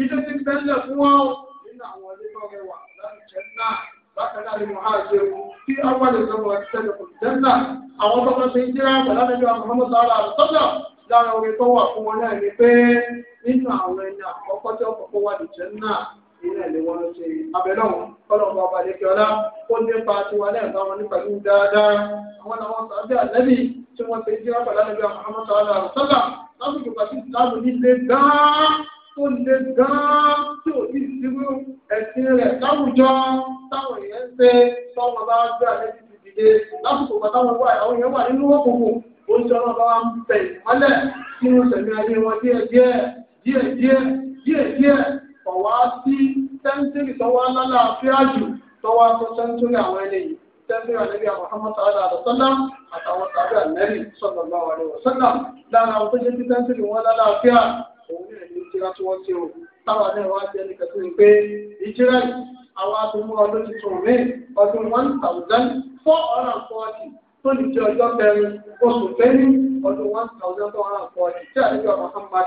ilé tí ń tẹ́lẹ̀ fún wọn o nínú àwọn ilé tó rẹwà lálùjẹ́ náà bákan náà ni mo há ṣe o tí àwọn àlè sọ̀rọ̀ àti tẹ́lẹ̀kùn àwọn tó ṣe ń jíra pẹ̀lú àlejò àwọn ọmọ sọ̀rọ̀ lára orin tó wà fún wọn náà ni pé nínú àwọn ẹni àkọ́kọ́ tí ọkọ̀ wà lùjẹ́ náà ilẹ̀ ni wọ́n ṣe abẹ náà kọ́nà bá balẹ̀ ọlá ó nípa tiwa náà bá wọn nípa ìlú dáadáa àwọn àwọn sàbẹ̀ àlẹ́bí tí wọ́n ṣe jẹ́ ọ̀pẹ̀lá níbi àwọn ọmọ sọ̀rọ̀ àrùn lásìkò pàṣẹ ìsìláàmù nílé gan-an tó lé gan tí ò ní ìṣirò ẹ̀sìn rẹ̀ láwùjọ táwọn èèyàn ṣe tọ́wọ́ bá gbé àlẹ́bí ti dìde lásìkò pàṣẹ àwọn èèyàn wà nínú òkùnkùn oúnjẹ ọlọ́ba wa ń tẹ̀ ìmọ́lẹ̀ nínú sẹ̀mí ayé wọn díẹ̀díẹ̀ díẹ̀díẹ̀ díẹ̀díẹ̀ ọ̀wá sí sẹ́ńtírì tọ́wọ́ lálá fírájù tọ́wọ́ tó sẹ́ńtírì àwọn eléyìí sẹ́ńtírì àlẹ́bí àwọn Muhammad sallallahu alaihi wasallam àtàwọn tàbí àlẹ́bí sallallahu alaihi wasallam lára àwọn tó jẹ́ sí sẹ́ńtírì wọn lálá fíà òun ní ẹ̀mí ìjìrá tí wọ́n ti o táwa náà wá jẹ́ one thousand four hundred forty tó ní jẹ́ ọjọ́ kẹrin one thousand four hundred forty tí àlejò Muhammad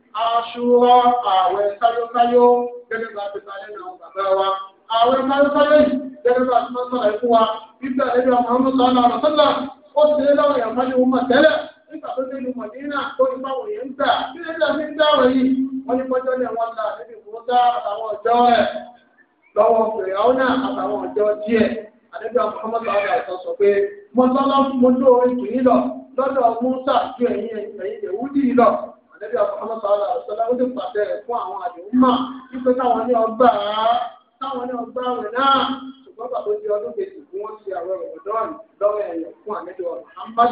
aṣúrọ́ ààwẹ̀ sáyọ́sáyọ́ gẹ́gẹ́ bá ti ta lẹ́nu àwọn bàbá wa ààwẹ̀ sáyọ́sáyọ́ yìí gẹ́gẹ́ bá ti máa sọ̀rọ̀ fún wa nígbà lẹ́yìn ọmọ ọmọ sọ̀rọ̀ náà lọ́sọ̀lá ó ti lé láwọn èèyàn fáyọ̀ wọn tẹ́lẹ̀ nígbà tó dé ìlú mọ̀dínà tó ní báwọn èèyàn ń gbà kí lè dà sí dáwọ̀ yìí wọ́n ní kọjọ́ lẹ̀ wọn là níbi ìfowópamọ́ àtàwọn ọjọ́ rẹ̀ lọ́wọ́ fèrèhàn náà àtàwọn ọjọ́ díẹ̀ àdébíà muhammadu ala ẹ̀sọ́ sọ pé mọ́tọ́lá àtẹ́bí ọ̀pọ̀lọpọ̀ sọ̀rọ̀ àṣọlá ó lè pàṣẹ rẹ̀ fún àwọn àdéhùn náà wípé táwọn ní ọgbà táwọn ní ọgbà rẹ̀ náà ṣùgbọ́n bàbá ti ọdún kejì fún wọn ṣe àwọn ọ̀dọ́rùn lọ́wọ́ ẹ̀yẹ fún àmẹ́jọ Muhammad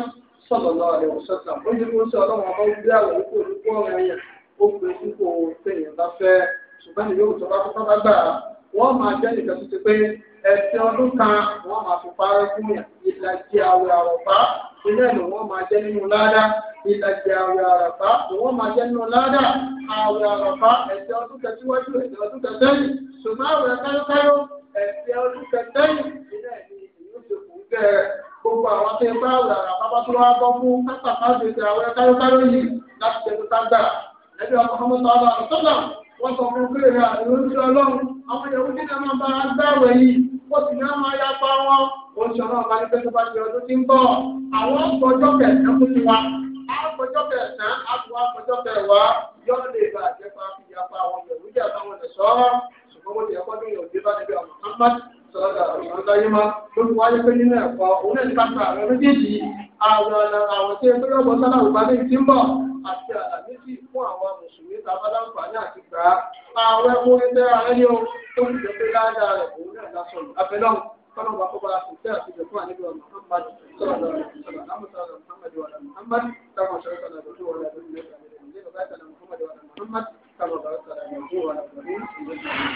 sallallahu alaihi wasallam ó ní kó ṣe ọlọ́run ọmọ wíwí àwọ̀ wípé olùkọ́ ọ̀rọ̀ ẹ̀yẹ ó fi kúkú tẹ̀yìn bá fẹ́ ṣùgbọ́n ìyóò bá tó wọ́n máa jẹ́ nìkan tó ti pé ẹ̀sìn ọdún kan wọ́n máa fi parẹ́ fún yàn ìlàjì àwẹ̀ àrọ̀fá ilé ẹ̀nà wọ́n máa jẹ́ nínú ládá ìlàjì àwẹ̀ àrọ̀fá wọ́n máa jẹ́ nínú ládá àwẹ̀ àrọ̀fá ẹ̀sìn ọdún kẹsíwájú ẹ̀sìn ọdún kẹsẹ́yìn ṣùgbọ́n àwẹ̀ káyọ́káyọ́ ẹ̀sìn ọdún kẹsẹ́yìn ilé ẹ̀mí ìlú ti kù ń bẹ̀rẹ̀ gbogbo àwọn tó ń bá àwẹ̀ àrọ̀fá bá tó wá bọ́ fún kápákọ̀ àwẹ̀ káyọ́káyọ́ yìí láti tẹ̀síta gbà ẹ̀bí ọkọ̀ àwọn ìyàwó dídá máa bá agbáwẹ̀ yìí ó sì náà máa yá pa wọn oṣù ọ̀nà ọba nígbà tó bá ti ọdún tí ń bọ̀ àwọn ọgbọ̀jọ́ kẹsàn fún tiwa ọgbọ̀jọ́ kẹsàn-án àtúwọ́ ọgbọ̀jọ́ kẹwàá yọ́n lè bá àjẹpá fi yá pa àwọn ìyàwó dídá táwọn ẹ̀ sọ́ ṣùgbọ́n mo ti ẹ̀kọ́ ní ìyàwó dídá níbi àwọn Muhammad sọ̀rọ̀ àwọn ọ̀dọ́ yìí máa lóṣù wáyé pé nínú ẹ̀kọ́ òun náà ní àwọn àwọn tí ẹgbẹ́ ọmọ sáláwù bá ní ti ń bọ̀ àti àlàmísì fún àwọn mùsùlùmí tabaláǹfààní àti gbà á àwọn ẹkún ní tẹ́ra rẹ ní o tó ń jẹ pé dáadáa rẹ òun náà lásọ yìí abẹ́lọ́n kọ́nà wà kọ́ba àtúntẹ́ àti ìjọba àníbi ọ̀nà Muhammad sọ̀rọ̀ lọ́wọ́ Muhammad sọ̀rọ̀ Muhammad wà lọ́wọ́ Muhammad táwọn sọ̀rọ̀ sọ̀rọ̀ lọ́wọ́ wà lọ́wọ́ Muhammad táwọn sọ̀rọ̀ sọ̀rọ̀ lọ́wọ́ wà lọ́wọ́ Muhammad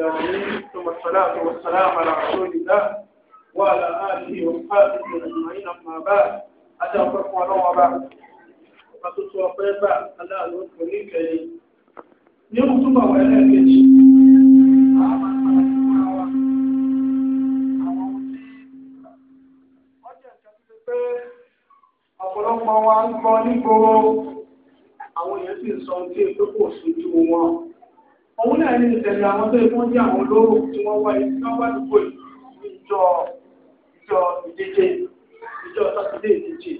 العظيم ثم الصلاة والسلام على رسول الله وعلى آله وصحبه أجمعين أما بعد أتوقف ولو بعد أتوقف بعد ألا أذكرك نخطب ولا كشف ọ̀pọ̀lọpọ̀ wa ń gbọ́ nígboro àwọn èèyàn sì ń sọ ohun tí èkó kò sójú wọn òun náà ní ìṣẹ̀lẹ̀ àwọn tó ikú jẹ́ àwọn olóró tí wọ́n wá ibi tó wá dúpọ̀ ìjọ ìdíje ìjọ sátidé ìdíje.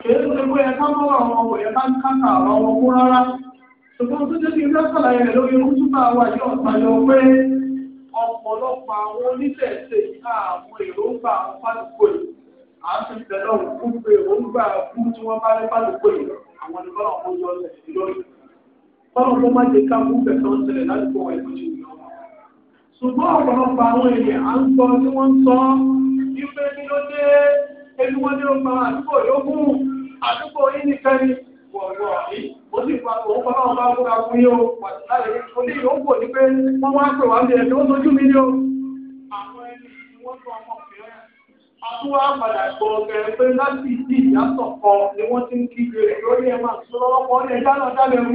kèé tó ṣe pé ẹ ká mọ́ àwọn ọmọ bá ń kákà àwọn ọmọ kú rárá ṣùgbọ́n tó jẹ́ kí n fẹ́ rẹ̀ lórí irú túbà wà yọ ọ̀tàyọ pé ọ̀pọ̀lọpọ̀ àwọn oníṣẹ̀ṣe àwọn èròǹgbà àwọn yìí à kọ́nà kó má jẹ́ ká kú bẹ̀tọ́ sílẹ̀ láti kó wọ ìbòjì ìlú ọmọ. ṣùgbọ́n ọ̀pọ̀lọpọ̀ àwọn èèyàn à ń sọ tí wọ́n ń sọ wípé kí ló dé ẹni wọ́n ní ó pa àdúgbò yókù àdúgbò yìí nìkan ni wọ̀ọ̀wọ̀ yìí ó sì pa òun kọ́nà ọba búra fún yìí o pàtàkì oní ìyókù ni pé wọ́n wá pè wá bí ẹni ó sojú mi ni o. àwọn ẹni tí wọ́n sọ ọmọ àtúwà padà gbọ́ ọ̀gẹ̀rẹ̀ pé láti ìdí ìyá sọ̀kọ ni wọ́n ti ń kígbe lórí ẹ̀ máa sọ lọ́wọ́ ọ̀rẹ́ ìdáná dálẹ́rú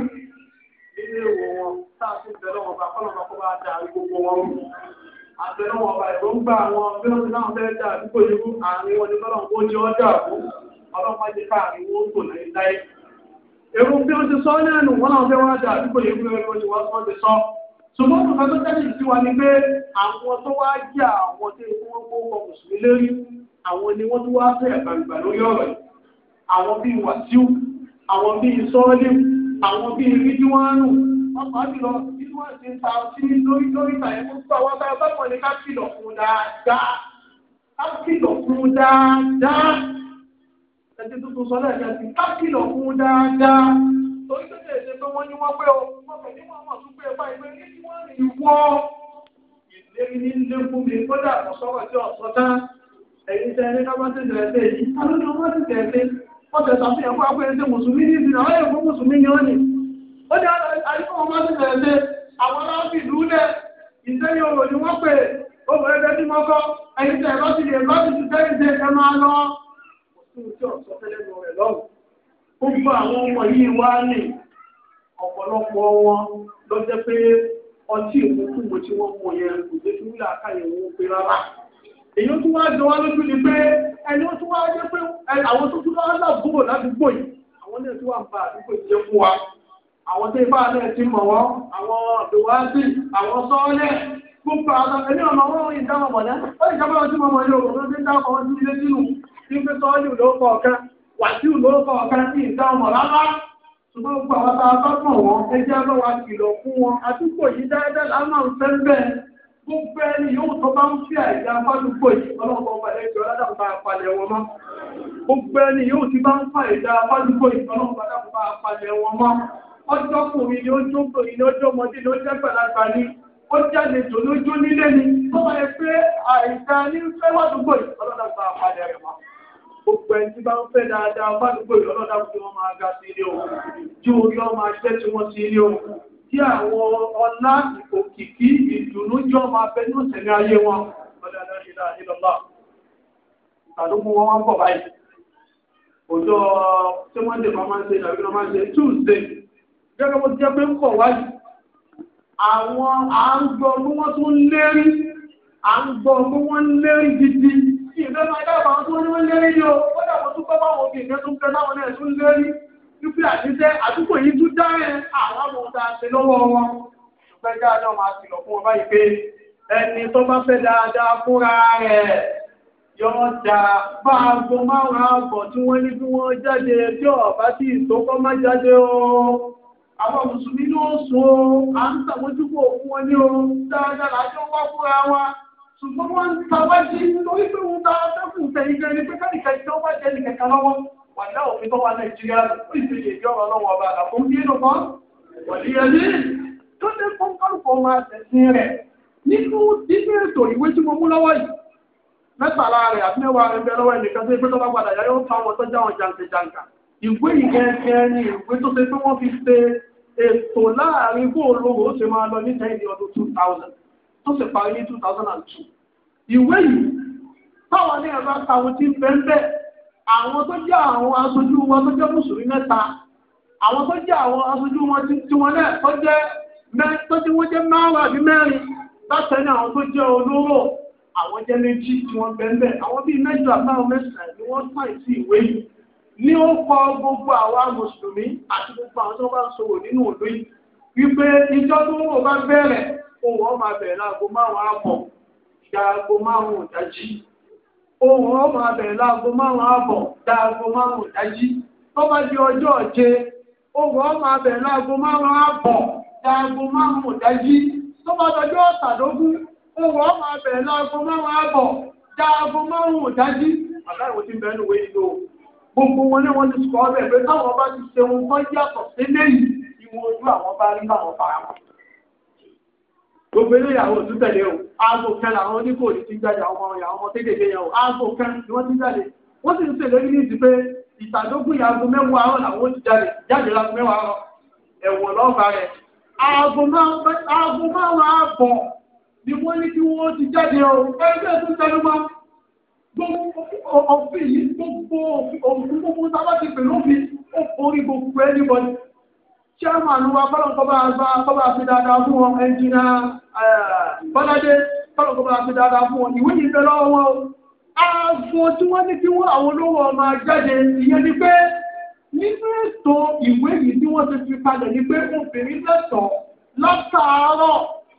nínú èèwọ̀ wọn tá a ti bẹ̀rẹ̀ wọn bá kọ́nà kó bá da gbogbo wọn mú àbẹ̀rẹ̀ wọn bá ìgbóngbà wọn bí wọ́n ti náà fẹ́ dà àdúgbò irú àárín wọn ni bọ́lá wọn jẹ́ ọjà àbú ọlọ́pàá ti ká àárín wọn kò ní láyé. èrò bí wọ́n ti sọ ní ẹnu wọn náà fẹ́ wọn dà àdúgbò irú ẹni wọn ni wọ́n ti sọ. ṣùgbọ́n kò fẹ́ tó tẹ́lẹ̀ sí wa ni pé àwọn tó wá jẹ́ àwọn tó ikú wọn kó kọ mùsùlùmí lérí àwọn ni wọ́n tó wá fẹ́ gbàgbà lórí ọ̀rọ̀ yìí àwọn bíi wàsíù àwọn bíi sọ́ọ́lì àwọn bí ibi tí wọ́n ń rù wọ́n máa ń lọ bí wọ́n ti ń ta ọtí lórí lórí ìtàyẹ̀ tó gbà wọ́n bá bá wọn ní ká kìlọ̀ fún dáadáa ká kìlọ̀ fún dáadáa ẹ̀jẹ̀ tuntun sọ lẹ́ẹ̀kan sí ká kìlọ̀ fún dáadáa torí tó ṣe pé wọ́n ní wọ́n pé o wọ́n pè ní wọ́n mọ̀ tún pé ẹ̀fà ìgbé ní wọ́n rìn wọ́ ìlérí ní ilé fún mi kódà ọ̀sọ́rọ̀ tí ọ̀sọ́ tán ẹ̀yin tẹ́lẹ̀ ká bá tẹ̀sẹ̀ ẹ̀fẹ́ ó tẹ̀ sàfihàn fún apẹ́rẹ́ tẹ mùsùlùmí ní ìsìn àwọn èèyàn fún mùsùlùmí ni ó ní. ó ní àyíkọ́ wọn bá ti bẹ̀rẹ̀ ṣe àwọn aláàfin ìlú lẹ̀ ìṣẹ́yìn òwò ni wọ́n pè obìnrin bẹ́ẹ̀ bímọ kọ́ ẹ̀yin tẹ̀ lọ́sì lè lọ́sì ti tẹ́ ìṣe ẹ máa lọ. gbogbo àwọn ọmọ yìí wá ní ọ̀pọ̀lọpọ̀ wọn ló pé ọtí ìmúkúmu tí wọ́n mọ̀ yẹn kò dé èyí tó wá jọ wá lójú ni pé ẹni tó wá jẹ́ pé àwọn tó tún wá làbúrò ládùúgbò yìí àwọn náà tó wà ń ba àdúgbò ìjẹ fún wa àwọn tó ibà náà ti mọ̀ wọ́n àwọn àbẹ̀wáṣí àwọn sọ́ọ́lẹ̀ gbogbo àwọn ẹni ọmọ wọn ń dáwọn mọ̀ náà ó lè jábọ̀ sí mọ̀mọ́ ilé òkú tó ń dáwọn ọmọ sí ilé sínú a bá mọ̀ gbogbo ẹni yóò tó bá ń fi àìdá fádùúgbò yìí ọlọ́pàá ọba ẹ̀jọ́ ládàbà apalẹ̀ wọn mọ́ gbogbo ẹni yóò ti bá ń fa àìdá fádùúgbò yìí ọlọ́pàá ládàbà apalẹ̀ wọn mọ́ ọjọ́ kùnrin ni ó ni ó ni ó jẹ́ pẹ̀lágbà ni ó jáde tó lójú nílé ni tó bá yẹ pé àìdá ní fẹ́ wádùúgbò yìí ọlọ́dàgbà apalẹ̀ gbogbo ẹni tí bá ń fẹ́ dáadáa fádùúgbò yìí ọlọ́dàgbà wọn máa ga sí ilé òun ju orí ọmọ tí àwọn ọlá òkìkí ìdùnnú jọ máa bẹ ní òṣèlú ayé wọn àdúgbò wọn wọ́n pọ̀ báyìí òjò tí wọ́n dè máa ṣe ìdàbí náà ń Tuesday gẹ́gẹ́ bó ti jẹ́ pé ń pọ̀ wáyìí àwọn à ń gbọ́ bí wọ́n tún lérí à ń gbọ́ bí wọ́n lérí gidi ìgbẹ́ máa dábàá tó ní wọ́n lérí yìí o wọ́n dàbọ̀ tún pẹ́ báwọn òbí ìgbẹ́ tó ń pẹ́ táwọn náà tún lérí wípé àtijọ́ àdúgbò yìí tún dá ẹ àwọn ọmọ ọ̀tá ṣe lọ́wọ́ wọn ọ̀pẹ́ dáadáa wọn á ti lọ fún wọn báyìí pé ẹni tó bá fẹ́ dáadáa fúnra rẹ̀ yọjà márùn-ún ààbọ̀ tí wọ́n ní bí wọ́n jáde tí ọ̀bá tí ìsókọ́ má jáde o àwọn mùsùlùmí ló sùn o à ń tàmójúkò fún wọn ní o dáadáa lájọ wá fúnra wa ṣùgbọ́n wọ́n ń tawájú ni pé wà náà òfin tó wà nàìjíríà fún ìpele ìjọba ọlọ́wọ́ ọba àfún kí inú kan wọ̀lí ẹni tó dé fún kálukọ̀ máa tẹ̀sìn rẹ̀ nínú nínú ètò ìwé tí mo mú lọ́wọ́ yìí mẹ́tàlá rẹ̀ àti mẹ́wàá rẹ̀ bẹ lọ́wọ́ ẹnìkan tó gbé tọ́lá padà yáyọ́ ta wọn tọ́jà wọn àwọn tó jẹ́ àwọn aṣojú wọn tó jẹ́ mùsùlùmí mẹ́ta àwọn tó jẹ́ àwọn aṣojú wọn tí wọn náà tó jẹ́ wọ́n jẹ́ márùn àbí mẹ́rin látẹ̀lé àwọn tó jẹ́ olóró àwọn jẹ́ méjì tí wọ́n bẹ̀ẹ̀bẹ̀ àwọn bíi mẹ́jọ àbáwọn mẹ́sàn-án ni wọ́n pàì sí ìwé yìí ní ó kọ gbogbo àwa mùsùlùmí àti gbogbo àwọn tó bá ń sọ̀rọ̀ nínú òlú yìí wípé ìjọ tó wò bá bẹ̀rẹ̀ òun ọ̀ máa bẹ̀rẹ̀ láago márùn-ún àpọ̀ ìgbà aago márùn ohun ọmọ abẹ̀rẹ̀ láago márùn-ún àbọ̀ dáago márùn-ún dájí tó bá di ọjọ́ ọ̀jẹ́ ohun ọmọ abẹ̀rẹ̀ láago márùn-ún àbọ̀ dáago márùn-ún dájí tó bá dọjọ́ ọ̀tàdógún ohun ọmọ márùn gbogbo wọn ni wọ́n ti sọ bá ti bá rí gbogbo ìyàwó tún tẹ̀lé o aago kan làwọn oníkò ní ti jáde àwọn ọmọ ìyàwó ọmọ yẹn o aago kan ni wọ́n ti jáde wọ́n sì ń tẹ̀lé ní ìdí pé ìtàdógún ìyàgò mẹ́wàá àárọ̀ làwọn ti jáde jáde láti mẹ́wàá àárọ̀ ẹ̀wọ̀n lọ́ọ̀fà rẹ̀ aago márùn-ún ààbọ̀ ni wọ́n ní kí wọ́n ti jáde o ẹgbẹ́ tó tẹnu mọ́ gbogbo òfin yìí gbogbo òfin gbogbo tábà ti pè ó forí gbogbo ẹni chairman wa kọ́lọ̀kọ́bá kọ́bá fi dáadáa fún wọn ẹnjìnà bọ́ládé kọ́lọ̀kọ́bá fi dáadáa fún wọn ìwé yìí bẹ̀rẹ̀ wọn o ààfọ̀ tí wọ́n ní kí wọ́n àwọn olówó máa jáde ìyẹn ni pé nínú ètò ìwé yìí tí wọ́n ti fi kalẹ̀ ni pé obìnrin lẹ́tọ̀ọ́ látàárọ̀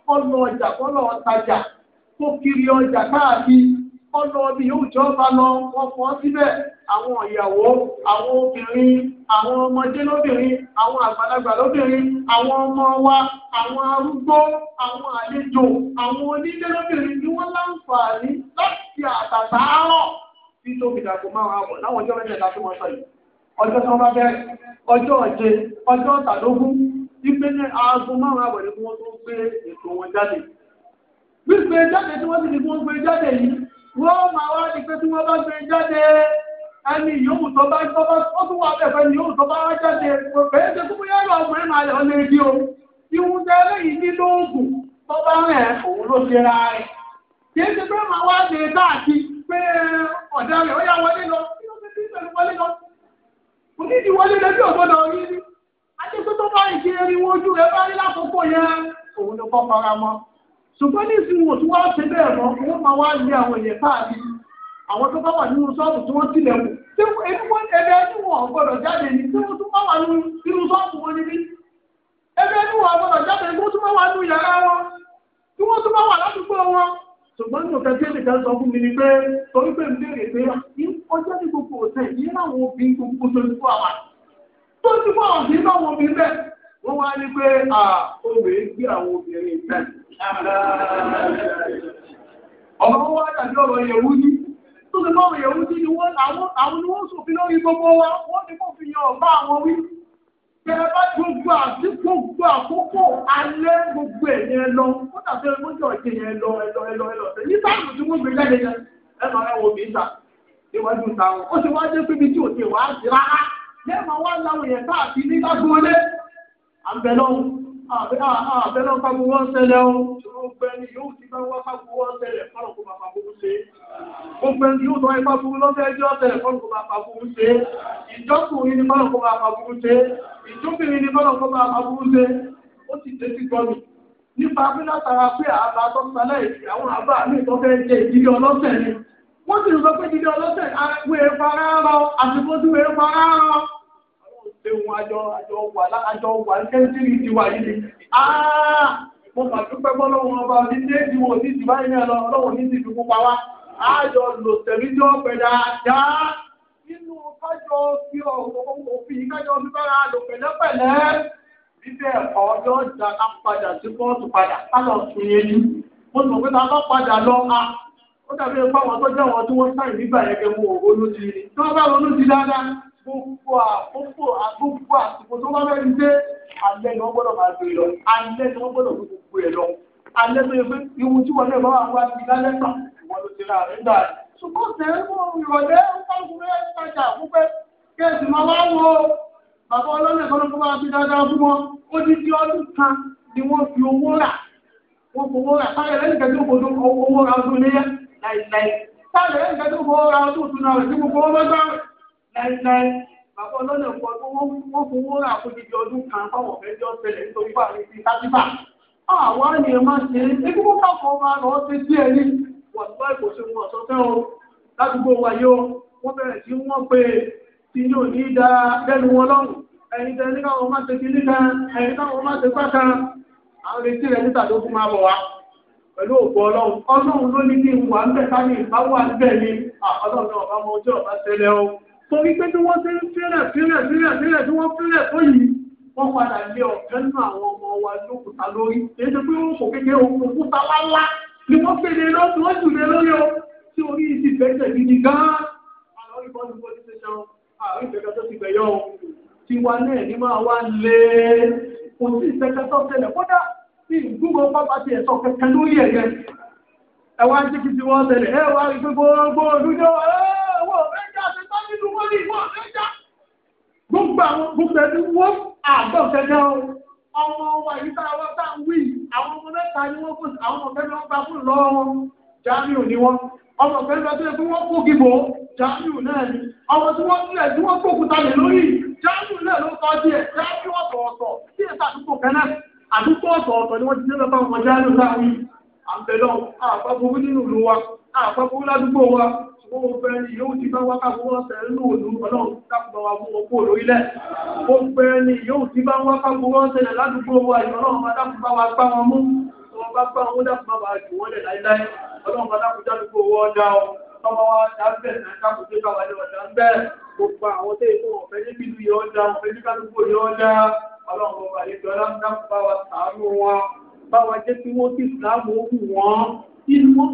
kọ́lọ̀ ọjà kọ́lọ̀ ọtajà tó kiri ọjà káàkiri kọ́ lọ bí yóò jọ bá lọ wọ́n fọ́ síbẹ̀ àwọn ìyàwó àwọn obìnrin àwọn ọmọdé lóbìnrin àwọn àgbàlagbà lóbìnrin àwọn ọmọ wa àwọn arúgbó àwọn àlejò àwọn onílé lóbìnrin ni wọ́n láǹfààní láti àtàtà àárọ̀ tí tó fi dàgbò máa wà bọ̀ láwọn ọjọ́ mẹ́tẹ̀ẹ̀ta tó wọ́n sọ yìí ọjọ́ tí wọ́n bá bẹ̀rẹ̀ ọjọ́ ọ̀jẹ̀ ọjọ́ ọ̀tàlógún ipe ní aago márùn àbọ̀ ni wọ́n tó gbé ètò wọn jáde gbígbé jáde tí wọ́n sì ní kí wọ́n gbé jáde yìí wọ́n máa wá ní pé tí wọ́n bá gbé e jáde ẹni yòówù tó bá tó bá tó tún wà bẹ̀fẹ̀ ni yòówù tó bá wá jáde bẹ́ẹ̀ ṣe fún yàrá ọmọ ẹ̀ máa yọ lé bí o ìwọ̀n tẹ eléyìí ní lóògùn tó bá rẹ̀ òun ló ṣe ra rẹ̀ kì í ṣe pé màá wá ṣe káàkiri pé ọ̀dà rẹ̀ ó yá wọlé lọ kí ló ṣe bí ìṣẹ̀lẹ̀ wọlé lọ kò ní ìdí wọlé lọ bí ògbọ́dọ̀ rí rí àti pé tó bá ìṣe erin wojú rẹ̀ bá rí lákòókò yẹn òun ló kọ́ fara mọ́ ṣùgbọ́n ní ìsinmi wò tí wọ́n ṣe bẹ́ẹ̀ mọ́ wọ́n máa wá lé àwọn èèyàn káàkiri àwọn tó bá wà nínú ṣọ́ọ̀bù tí wọ́n tilẹ̀ wù tí ẹni wọ́n ẹbẹ ẹni wọ́n gbọ́dọ̀ jáde ní tí wọ́n tún bá wà nínú ṣọ́ọ̀bù wọn níbí ẹbẹ ẹni wọ́n gbọ́dọ̀ jáde ní tí wọ́n tún bá wà nínú yàrá wọn tí wọ́n tún bá wà ládùúgbò wọn ṣùgbọ́n ní òkè tí ènìkan sọ fún mi ni pé torí pé mi léèrè pé ọjọ́ ní gbogbo ọ̀sẹ̀ yìí láwọn obìnrin gbogbo tó ti fún àwọn tó ti fún àwọn obìnrin láwọn obìnrin bẹ́ẹ̀ Ọ̀rọ̀ wá tàbí ọ̀rọ̀ yẹ̀wú ní, tó ti bọ́rọ̀ yẹ̀wú sí ni wọ́n àwọn ni wọ́n sòfin lórí gbogbo wa, wọ́n ti kò fi yan ọ̀gbá àwọn wí. Bẹ́ẹ̀ bá gbogbo àti gbogbo àkókò alẹ́ gbogbo ẹ̀yẹn lọ, ó tàbí ẹgbẹ́ ọjọ́ ìṣe yẹn lọ ẹlọ ẹlọ ẹlọ. Ní táàmù tí wọ́n gbé jáde yẹn, ẹ máa wọ mi ìta, ìwájú ìta wọn. Ó ti wá dé síbi tí ò ti wá sí rárá. Lẹ́ẹ̀ma wá láwọn yẹn táàbí ní lágbóolé. À ń bẹ lọ́hùn àbẹ́lọ́ pàbò wọ́n ṣẹlẹ̀ o ọgbẹ́ni yóò ti bá wá pàbò wọ́n ṣẹlẹ̀ fọ́nà kó bàbá bó ń ṣe ọgbẹ́ni yóò tọ́ ipá fún lọ́fẹ́ ẹjọ́ ṣẹlẹ̀ fọ́nà kó bàbá bó ń ṣe ìjọkùnrin ni fọ́nà kó bàbá bó ń ṣe ìjọkùnrin ni fọ́nà kó bàbá bó ń ṣe ó ti tẹ́ sí gbọ́mì nípa pé látara pé àbá tó ń salẹ̀ àwọn àbá mi tó fẹ́ jẹ ìdílé ọlọ́sẹ̀ ni wọ́n sì sọ pé ìdílé ọlọ́sẹ̀ wẹ́ẹ́ fara rọ àti pé mo mà dúpẹ́ bọ́ lọ́wọ́ ọba ní déèdì wọn ní ìdìbò ayé lọ lọ́wọ́ ní ìdìbò pupa wa àjọ lò tẹ̀lé tí wọ́n pẹ̀ dáadáa nínú kájọ fi òfin kájọ fi bára lò pẹ̀lẹ́pẹ̀lẹ́ bíbẹ̀ ọjọ́ ìjà ká padà sí kóòtù padà ká lọ sùn yẹn ni mo sọ pé ká bá padà lọ a ó dàbí ipá wọn tó jẹ́ wọn tí wọ́n sáì nígbà yẹn mú òwò tí wọ́n bá ronú dáadáa gbogbo àkókò àgbogbo àsìkò tó bá mẹ́rin dé alẹ́ ni wọ́n gbọ́dọ̀ máa gbé lọ alẹ́ ni wọ́n gbọ́dọ̀ fi gbogbo ẹ̀ lọ alẹ́ tó yẹ pé iwu tí wọ́n lè bá wà ní lálẹ́ kan wọ́n ló ti ra rẹ̀ gbà rẹ̀. ṣùgbọ́n tẹ̀lé fún ìrọ̀lẹ́ ọkùnrin ẹ̀ tajà púpẹ́ kéèsì máa wá wo bàbá ọlọ́lẹ̀ kọ́lọ́ tó bá fi dáadáa fún wọn ó di ti ọdún kan ni wọ́n fi owó rà wọ́n fowó rà táyà lẹ́yìn kẹ́tọ́ fòdó owó ra ọdún iléyà láìláì táyà lẹ́yìn kẹ́tọ́ fowó ra ọdún òtún náà rẹ̀ tí gbogbo wọn bá gbá rẹ̀ láíláí bàbá ọlọ́nà kan tó wọ́n fowó rà fún jíjẹ ọdún kan fáwọn ọ̀fẹ́ jọ nítorí wà ní ti sátífà. àwọn ènìyàn máa ṣe é ṣé kíkó káfọ́ máa lọ ṣe sí ẹni wọ́n tó ìkòsí wọn ọ̀sán fẹ́ o ládùúgbò wa yóò wọ́n bẹ̀rẹ̀ sí wọ́n pé tí yóò ní í da lẹ́nu wọn lọ́rùn ẹ̀yin tẹ́ ní káwọn máa ṣe ti ní kan ẹ̀yin káwọn máa ṣe pátá àwọn retí rẹ̀ níta tó fún máa bọ̀ wá pẹ̀lú òkú ọlọ́run ọlọ́run ló ní kí n ń bẹ̀ ká ní ìbáwà ń bẹ̀ ni ọlọ́run ọba mọ ojú ọba ṣẹlẹ̀ o torí pé bí wọ́n ṣe ń fẹ́rẹ̀ fẹ́rẹ̀ fẹ́rẹ̀ fẹ́rẹ̀ tí wọ́n fẹ́rẹ̀ tó yìí wọ́n padà lé ọ̀kẹ́ nínú àwọn ọmọ wa lókùtà lórí èyí pé wọ́n kò kékeré òkúta lálá ni wọ́n fèrè lọ́sùn wọ́n jù lórí o tí orí ti bẹ́tẹ̀ gidi gan-an àwọn ìbọn ti ṣe ṣan àwọn o ti wa náà tó ti ẹ̀sọ́ kẹ̀kẹ́ ní ìwọ ọ̀sẹ̀já. Gbogbo àwọn gbogbo ẹni wọ́n àgbọ̀ kẹjọ o. Ọmọ wa yìí tá a wá tá a ń wí. Àwọn ọmọ mẹ́ta ni wọ́n fún àwọn ọmọ mẹ́ta wọ́n gbà fún lọ́wọ́ wọn. Jamiu ni wọ́n. Ọmọ mẹ́ta tó yẹ kí wọ́n kó gìbò. Jamiu náà ni. Ọmọ tí wọ́n tilẹ̀ tí wọ́n kókuta lè lórí. Jamiu náà ló kọ́ díẹ̀. Jamiu ọ̀tọ̀ọ̀tọ̀ sí ètò àdúgbò kẹ́nà. Àdúgbò ọ̀tọ̀ọ̀tọ̀ ni wọ́n ti dé lọ́pàá ọmọ Jamiu láàrin. Àbẹ̀lọ́ àpapọ̀ nínú ìlú wa. Àpapọ̀ gbogbo ẹni yóò ti bá wákàtí wọ́n tẹ̀ ń lò lù ọlọ́run dákùnbọ̀ wa fún ọkọ̀ lórílẹ̀ gbogbo ẹni yóò ti bá wákàtí wọ́n tẹ̀lẹ̀ ládùúgbò wa ìrọ̀lọ́run bá dákùnbá wa gbá wọn mú wọn bá gbá wọn dákùnbá wa jù wọ́n lẹ̀ láíláí ọlọ́run bá dákùnjá lùgbò wọ́n dá ọ tọ́mọ wa dábẹ̀ náà dákùnjé bá wà ní ọ̀dà ń bẹ́ẹ̀ gbogbo àwọn tẹ́ ìfọ̀ ọ̀fẹ́ níbi ìlú yọ̀ ọ́dà ọ̀fẹ́ ní kálukú yọ̀ ọ́dà ọlọ́run bọ̀ wà ní ìjọ inú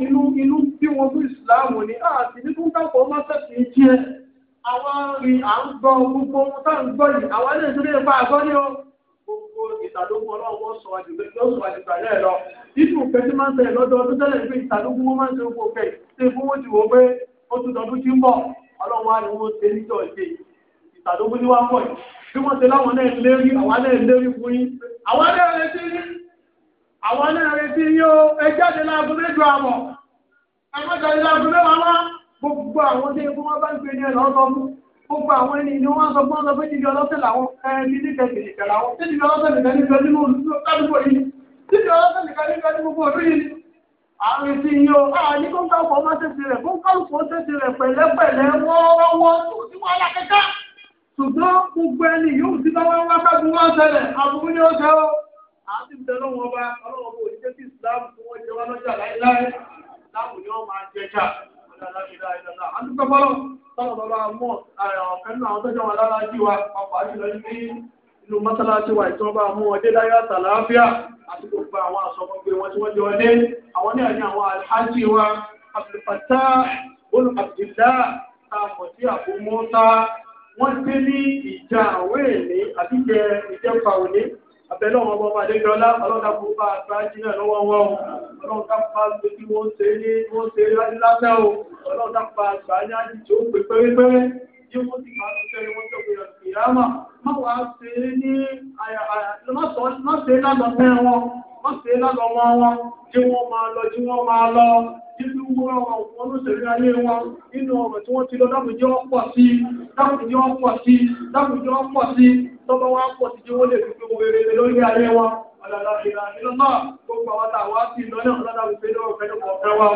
bí wọn fún ìsìláàmù ni àti nínú kápọ̀ mọ́sẹ̀sì jẹ́ àwọn rí à ń gbọ́ gbogbo ohun tá ń gbọ́ yìí àwọn ilé ìdílé bá a gbọ́ ní o gbogbo ìtàdógún ọlọ́wọ́ sọ àjùgbé yóò sọ àjùgbà náà lọ nínú ìfẹ́ tí máa ń tẹ̀lé lọ́dọ̀ ọdún tẹ́lẹ̀ pé ìtàdógún wọn máa ń ṣe gbogbo kẹ̀ ṣe fún wọn ti wò pé ó tún dọdún tí ń bọ̀ ọlọ́wọ́ ni wọ́n ṣe níjọ́ ìṣe yìí bí wọ́n ṣe láwọn náà lérí àwọn náà lérí fún yín àwọn náà lérí àwọn náà retí yóò ẹ jáde láago mẹ́jọ àmọ́ ẹ má jáde láago mẹ́wàá wá gbogbo àwọn tí epo wọn bá ń gbé ní ẹ̀rọ sọ fún gbogbo àwọn ẹni ni wọ́n sọ fún ọ̀sọ̀ pé jíjọ ọlọ́sẹ̀ làwọn ẹni nífẹ̀ẹ́ kìlìkẹ̀ làwọn tí jíjọ ọlọ́sẹ̀ nìkan nífẹ̀ẹ́ nínú olùdókòwò yìí jíjọ ọlọ́sẹ̀ nìkan nífẹ̀ẹ́ nínú gbogbo ọdún yìí àwọn èsì yìí o àní kó ń ká ọkọ̀ ọmọ tẹ̀sí rẹ̀ kó ń kálukú tẹ̀sí rẹ̀ pẹ̀lẹ́pẹ̀lẹ́ wọ́ọ́rọ́wọ́ sì ń bẹ lọ́wọ́ ọba ọlọ́wọ́ bò ní jẹ́sí ìsìláàmù tí wọ́n jẹ wá lọ́jà láéláé láàmù ni wọ́n máa jẹjà àdúgbòfọ́lọ́ tọ́lọ̀ bàbá mọ́ ọ̀kan náà tọ́jọ́ wọn lára jí wa ọkọ̀ àjùlọ ní inú mọ́sálásí wa ìtọ́ba mú ọdẹ láyé àtàlàáfíà àti gbogbo àwọn àsọmọgbé wọn tí wọ́n jọ ọdẹ àwọn ní àní àwọn alhaji wa abdulfata bolu abdullah tààmọ̀ sí àbomọ́ta wọ́n dé ní ìjà àwẹ̀ ní àbíjẹ ìjẹ́pà òní àbẹ̀lẹ̀ ọmọ ọmọ adéjọlá ọlọ́dàkùn lọ́wọ́ wọn ọlọ́dàkùn bá gbé wọ́n ṣe ní wọ́n ṣe láti o ọlọ́dàkùn bá àgbájí pè pérépéré tí wọ́n ti máa ń fẹ́ wọ́n tó pè ọ̀sìn wọn wọn wọn ló ṣẹlẹ̀ ayé wọn nínú ọ̀rọ̀ tí wọ́n ti lọ dákùnjẹ́ ọ̀pọ̀ sí dákùnjẹ́ ọ̀pọ̀ sí dákùnjẹ́ ọ̀pọ̀ sí tọ́mọ wa pọ̀ sí ju owó lè fi gbogbo rere lórí ayé wa ọ̀làlà ìlà nínú náà gbogbo àwọn tá a wá sí lọ́nà ọ̀làlà òfin lọ́wọ́ fẹ́lú kọ̀ọ̀kan wa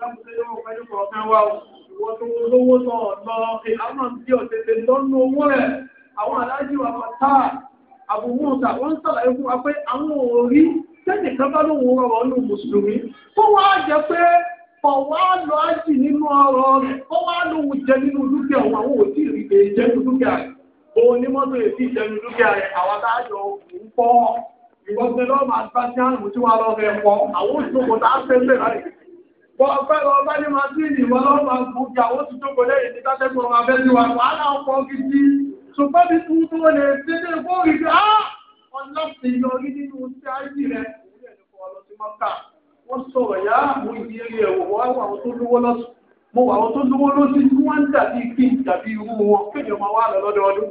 lábùsẹ̀ lọ́wọ́ fẹ́lú kọ̀ọ̀kan wa ìwọ́n tó lówó tó ọ̀nà ìhámọ̀ tí ọ̀tẹ̀tẹ̀ tó ń lo owó rẹ̀ àwọn aláàjì wa kọ̀ táà àbùmọ̀ ọ̀tà wọ́n jẹ nínú ọrọ̀ rẹ̀ àwọn òtí ìrìbẹ̀ jẹ nínú dúkìá òun ní mọ́tò èsì ìṣẹ́nu dúkìá rẹ̀ àwọn táàjọ òun pọ́ ìgbọ́sẹ̀ lọ́wọ́ máa bá sí àrùn tí wọ́n lọ fẹ́ pọ́ àwọn òṣìṣòkò tá a fẹ́ lè ráyè. bọ́ ọpẹ́ lọ bá ní máa sí ìwọ lọ́wọ́ máa gùn kí àwọn òṣìṣòkò lẹ́yìn ní tátẹ́kùn ọmọ abẹ́ sí wa wàhálà ọkọ̀ gidi ṣùgbọ́n mi tún tó lè ṣe dé fóòrì pé ọlọ́pì yọrí nínú tí a yí rẹ̀ wọ́n sọ̀rọ̀ yá mo yí eré ẹ̀wọ̀ wọ́n wà àwọn tó lówó lọ́sùn mo wà àwọn tó lówó lọ́sùn tí wọ́n ń dàbí kí n dàbí irú wọn kéèyàn máa wà lọ́dọọdún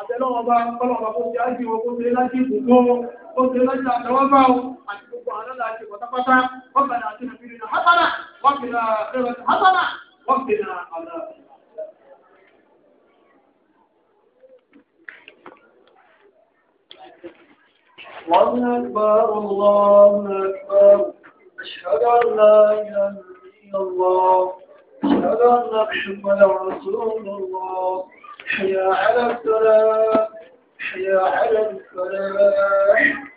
àtẹlọ́wọ́ba kọ́lọ́wọ́ba kó ti ájì wọn kó ti láti ìbùkún wọn kó ti láti àtẹwọ́bá wọn àti gbogbo àwọn láti pátápátá wọ́n bẹ̀rẹ̀ àti nàbílì náà hásánà wọ́n fi náà rẹwẹ̀tì hásánà wọ́n fi náà àlọ́ الله أكبر الله أكبر أشهد أن لا إله إلا الله أشهد أن محمدا رسول الله حيا على الفلاح حيا على الفلاح